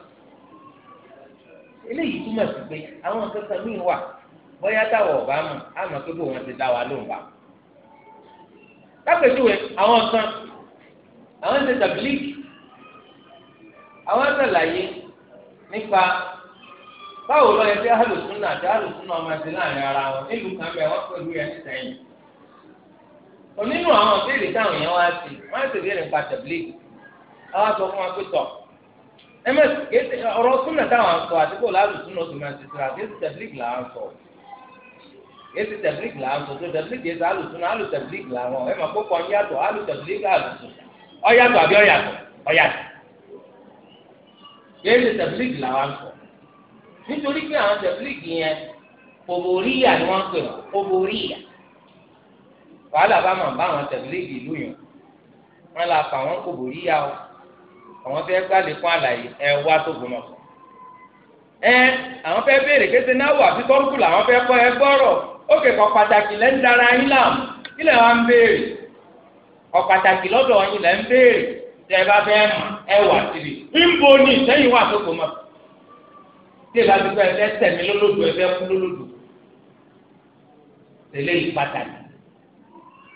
eléyìí túmọ̀ sí pé àwọn wà bóyá mọ̀ àmọ́ pé wọ́n ti dá wa lóhùn wa lápẹ̀júwe àwọn kan àwọn ti tàbílíkì àwọn àtàlàyé nípa báwo lọ yẹ kí náà àti náà máa láàrin ara wọn nílùú kan bẹ́ẹ̀ wọ́n pẹ̀lú onínú àwọn béèrè táwọn yẹn wá sí wọn á sì béèrè nípa tẹ̀blé àwọn sọ fún wa pé tọ̀ ẹ mẹ ọ̀rọ̀ súnà táwọn sọ àdúgbò láàrú súnà oṣù máa ti sọ̀rọ̀ àdéhùn tẹ̀blé là ń sọ èsì tẹ̀blé là ń sọ tó tẹ̀blé yẹn sọ àlù súnà àlù tẹ̀blé là wọn ẹ mà kókò ọ̀n yàtọ̀ àlù tẹ̀blé àlù súnà ọ̀yàtọ̀ àbí ọ̀yàtọ̀ ọ̀yàtọ̀ yẹn ti tẹ̀blé là wọn sọ nítorí pé àwọn tẹ̀blé yẹn òbòríyà ni wọ́n pè wọ́n òbòríyà wàhálà bá máa bá àwọn tẹ̀bílẹ́ẹ̀dì ìlú yàn wọn là fà wọn kò bò yíyá o àwọn fẹ́ gbàlè fún àlàyé ẹ wá tó gbọmọ fún ẹ àwọn fẹ́ béèrè kése náà wà bí tọ́lùkù làwọn fẹ́ kọ́ ẹ gbọ́rọ̀ ó kè kọ́ pàtàkì lẹ́ ń dara yín láàmú kílẹ̀ wa ń béèrè kọ́ pàtàkì lọ́dọ̀ yín lẹ́ béèrè tẹ́ ẹ bá fẹ́ mọ̀ ẹ wà síbi ńbo ni ìsẹ́yìn wà tó gbọmọ tí ẹ bá ti fẹ́ tẹ̀mí lólódù ẹ fẹ́ kú lólódù tẹ̀lé yìí pàtàkì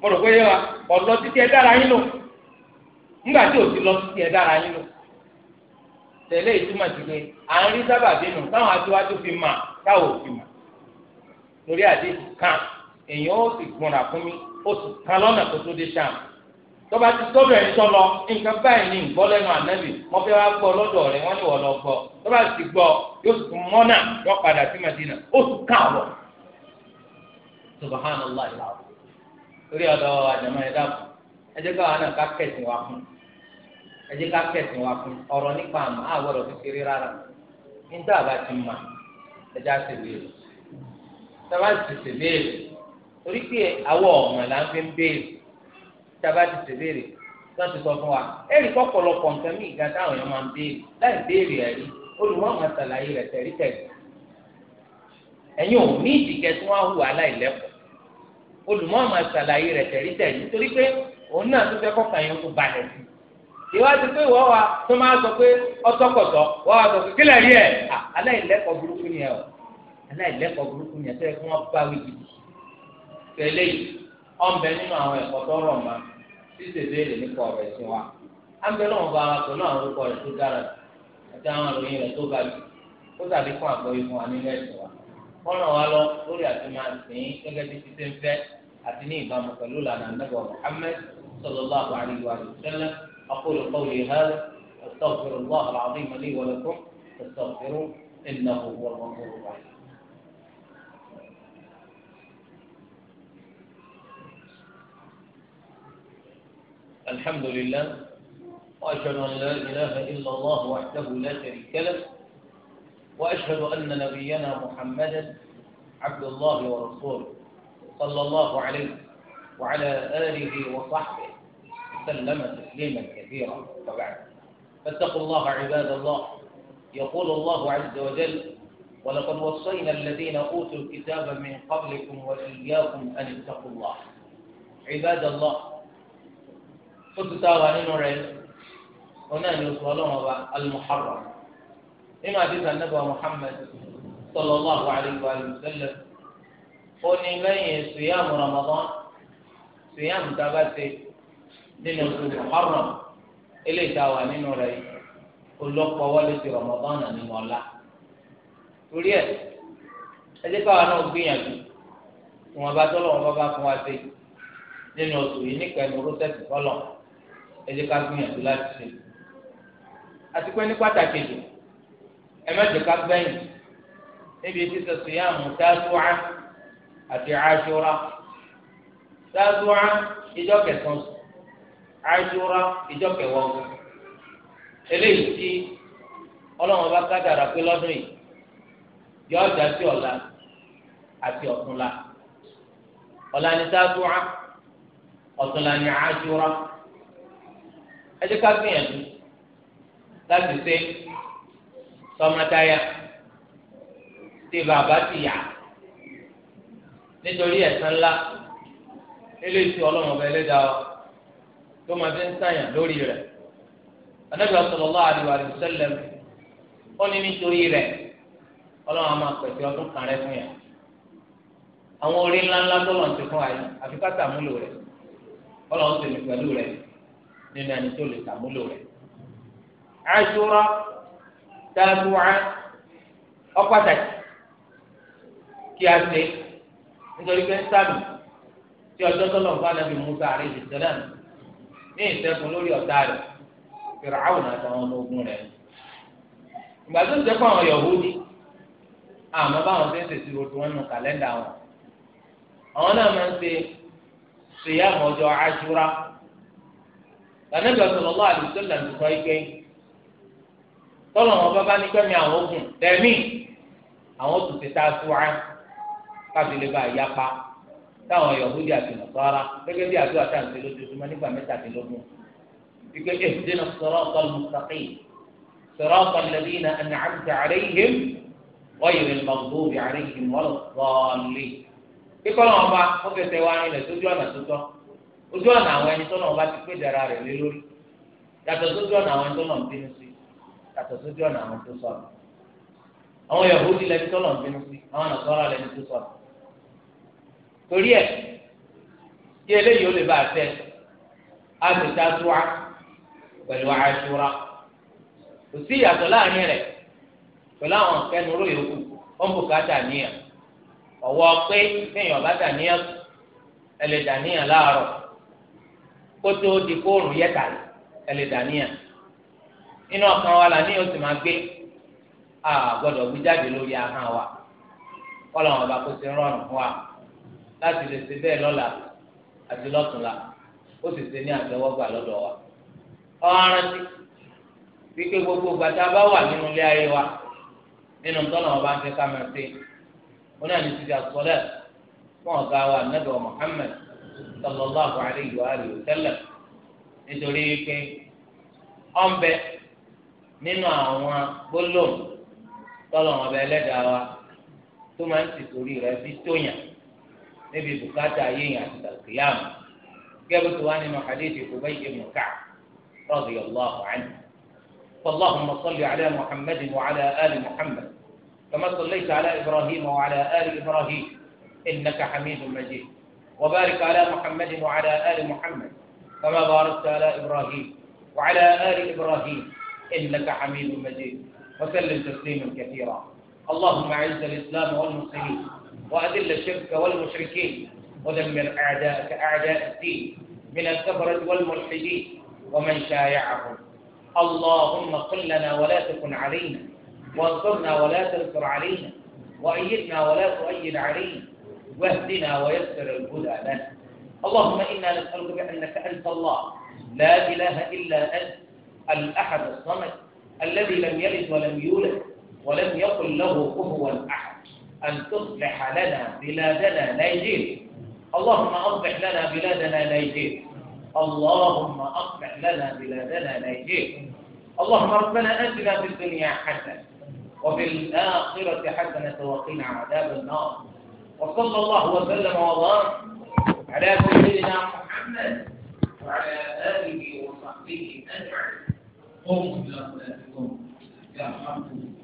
mo rò pé yẹ ọ̀lọ́ títí ẹ dára yín lò ńgbà tí òsì lọ títí ẹ dára yín lò tẹ̀lé ìtumọ̀ sí pé à ń rí sábà bínú táwọn aṣíwájú fi mà táwọn ò mà lórí àdéhùn kan èèyàn ó fún mi ó kan lọ́nà tó tó dé ti nǹkan báyìí ní ìgbọ́ lẹ́nu ànábì wọ́n fẹ́ wá gbọ́ lọ́dọ̀ rẹ̀ wọ́n ní wọ́n lọ torí ọ̀dọ̀ àjọmọ́ ẹ̀dá kù náà ká kẹ̀sìn wa fún ẹ jẹ́ ká kẹ̀sìn wa fún nípa fi àbá ti mà ẹ já sí béèrè tábà ti sì béèrè torí pé là ń fi tábà ti ti sọ fún wa ẹ̀rí nǹkan mí ìgbà táwọn máa ń láì ẹ̀rí olùmọ̀ọ́mọ̀ rẹ̀ tẹ̀rí tẹ̀rí ẹ̀yin ò ní olùmọ̀ọ́mọ̀ ṣàlàyé rẹ̀ tẹ̀lítẹ̀lí nítorí pé òun náà tó fẹ́ kọ́kàn yẹn kó balẹ̀ sí i ìwádìí pé wa tó máa sọ pé ọtọkọtọ wọ́n wá sọ pé kílẹ̀ rí ẹ̀ aláìlẹ́kọ̀ọ́ burúkú ni ẹ o aláìlẹ́kọ̀ọ́ burúkú ni ẹ tẹ́ bá wí jù ọ̀nbẹ nínú àwọn ẹ̀kọ́ tó rọ̀ ma ṣíṣe béèrè nípa wa أدني بما قلول عن النبي محمد صلى الله عليه وآله وسلم أقول قولي هذا أستغفر الله العظيم لي ولكم فاستغفروا إنه هو الغفور الرحيم الحمد لله وأشهد أن لا إله إلا الله وحده لا شريك له وأشهد أن نبينا محمدا عبد الله ورسوله صلى الله عليه وعلى آله وصحبه سلم تسليما كثيرا وبعد فاتقوا الله عباد الله يقول الله عز وجل ولقد وصينا الذين أوتوا الكتاب من قبلكم وإياكم أن اتقوا الله عباد الله فتتاوى نور هنا يصلون المحرم إما حديث النبي محمد صلى الله عليه وآله وسلم ó ní lẹ́yìn sùyàmù Ramadan sùyàmù tábà ṣe nínú oṣù Muharram eléyìí tá a wà nínú rẹ̀ olóòpọ̀ wọlé ti Ramadan nà nínú ọ̀la torí ẹ̀ ẹdí káwa náà gbìyànjú wọn bá tọ́lọ̀ wọn bá bá fún wa ṣe nínú oṣù yìí nípa ẹnu rọ́sẹ̀tì kọ́lọ̀ ẹdí ká gbìyànjú láti ṣe àti pé ní pàtàkì jù ẹ mẹ́jọ gbẹ̀yìn níbi títọ́ sùyàmù tá a àti aṣọra sáàdúrà ìjọ kẹsàn aṣọra ìjọ kẹwàá eléyìí tí ọlọ́run bá kádàrà pé lọ́dún yìí yọ ọjà sí ọ̀la àti ọ̀túnla ọ̀la ni sáàdúrà ọ̀túnla ni aṣọra ẹ jẹ́ ká gbìyànjú láti ṣe tọmọdáyà tí bàbá ti yà nítorí ẹ̀san ńlá eléyìí tí ọlọ́run ọba ẹlẹ́dàá ọ tó máa fi ń sàyàn lórí rẹ̀ Ànábì sallallahu alaihi wa sallam ó ní nítorí rẹ̀ ọlọ́run á máa ọdún kan rẹ̀ fún yẹn àwọn orí tó lọ́n ti fún sàmúlò rẹ̀ ọlọ́run pẹ̀lú rẹ̀ nínú ẹni tó lè sàmúlò rẹ̀. kí a ṣe. nítorí pé ń sàmì tí ọjọ́ tọ́lọ̀ ń bá nàbì Musa alayhi salam ní ìṣẹ́gun lórí ọ̀tá rẹ̀ Fir'aun àtàwọn ọmọ ogun rẹ̀ ìgbà tó ń jẹ́ fún àwọn Yahudi àmọ́ báwọn ṣe ń ṣèṣì rotu wọn nù kàlẹ́ndà wọn àwọn náà máa ń ṣe ṣèyàmù ọjọ́ Àṣúrà lànàbẹ̀ sallallahu alaihi wasallam ti sọ ike tọ́lọ̀ wọn bá bá nígbàmí àwọn ogun dẹ̀mí àwọn tó káfí lè bá a yapa táwọn yahudi àti nàkọ́ra gẹ́gẹ́ bí àdúrà tá à ń ṣe lójoojúmọ́ nígbà mẹ́tàdínlógún wípé ehdina sirata al-mustaqim sirata alladhina an'amta alayhim ghayri al-maghdubi alayhim wala ad-dallin kíkọ́ náà ọba ó fẹsẹ̀ wá nílẹ̀ sójú ọ̀nà tó tọ́ ojú ọ̀nà àwọn ẹni tó náà ọba ti pé dára rẹ̀ lé lórí yàtọ̀ sójú ọ̀nà àwọn tó náà ń bínú sí yàtọ̀ sójú ọ̀nà àwọn tó sọ̀rọ̀ àwọn yahudi lẹni tó náà ń bínú sí àwọn nàkọ́ra lẹni tó sọ̀rọ̀ torí ẹ kí eléyìí ó lè bá a tẹ àtúntà tóa pẹ̀lú aṣọra kò sí ìyàtọ̀ láàrin rẹ̀ pẹ̀lú àwọn akẹ́nu róye kù wọ́n bò ká dàníyà ọ̀wọ́ pé kéèyàn bá dàníyà ẹlẹ́dàníyà láàárọ̀ kótó di kóòrùn inú ọkàn wa ní oṣù máa a gbé jáde lórí wa wọn bá kó ti rọrùn fún wa. láti lè ṣe bẹ́ẹ̀ lọ́la àti lọ́túnla ó sì ṣe ní àtẹ́wọ́gbà lọ́dọ̀ wa ọ̀rántí wípé gbogbo gbàtà bá wà nínú ilé ayé wa nínú tọ́nà ọba ń fẹ́ ká máa ṣe wọn náà ní ti dà sọlẹ̀ fún ọ̀gá wa nàbẹ̀ wa Muhammad sallallahu alayhi wa alihi wa nítorí pé ọ̀nbẹ nínú àwọn gbólóhùn tọ́lọ̀ ọba ẹlẹ́dàá wa tó máa ń tìtorí rẹ̀ bí tóyàn. níbi bùkátà yéèyàn عند القيامة gẹ́gẹ́ tó wá nínú hadithi Ubay ibn Ka'b radiyallahu anhu فاللهم صل على محمد وعلى آل محمد كما صليت على إبراهيم وعلى آل إبراهيم إنك حميد مجيد وبارك على محمد وعلى آل محمد كما باركت على إبراهيم وعلى آل إبراهيم إنك حميد مجيد وسلم تسليما كثيرا اللهم أعز الإسلام والمسلمين وأذل الشرك والمشركين ودمر أعداءك أعداء الدين من الكفرة والملحدين ومن شايعهم اللهم قل لنا ولا تكن علينا وانصرنا ولا تنصر علينا وأيدنا ولا تؤيد علينا واهدنا ويسر الهدى لنا اللهم إنا نسألك بأنك أنت الله لا إله إلا أنت الأحد الصمد الذي لم يلد ولم يولد ولم يقل له كفوا أحد أن تصلح لنا بلادنا نيجير اللهم أصلح لنا بلادنا نيجير اللهم أصلح لنا بلادنا نيجير اللهم ربنا أتنا في الدنيا حسنة وفي الآخرة حسنة وقنا عذاب النار وصلى الله وسلم وبارك على سيدنا محمد وعلى آله وصحبه أجمعين قوموا يا يرحمكم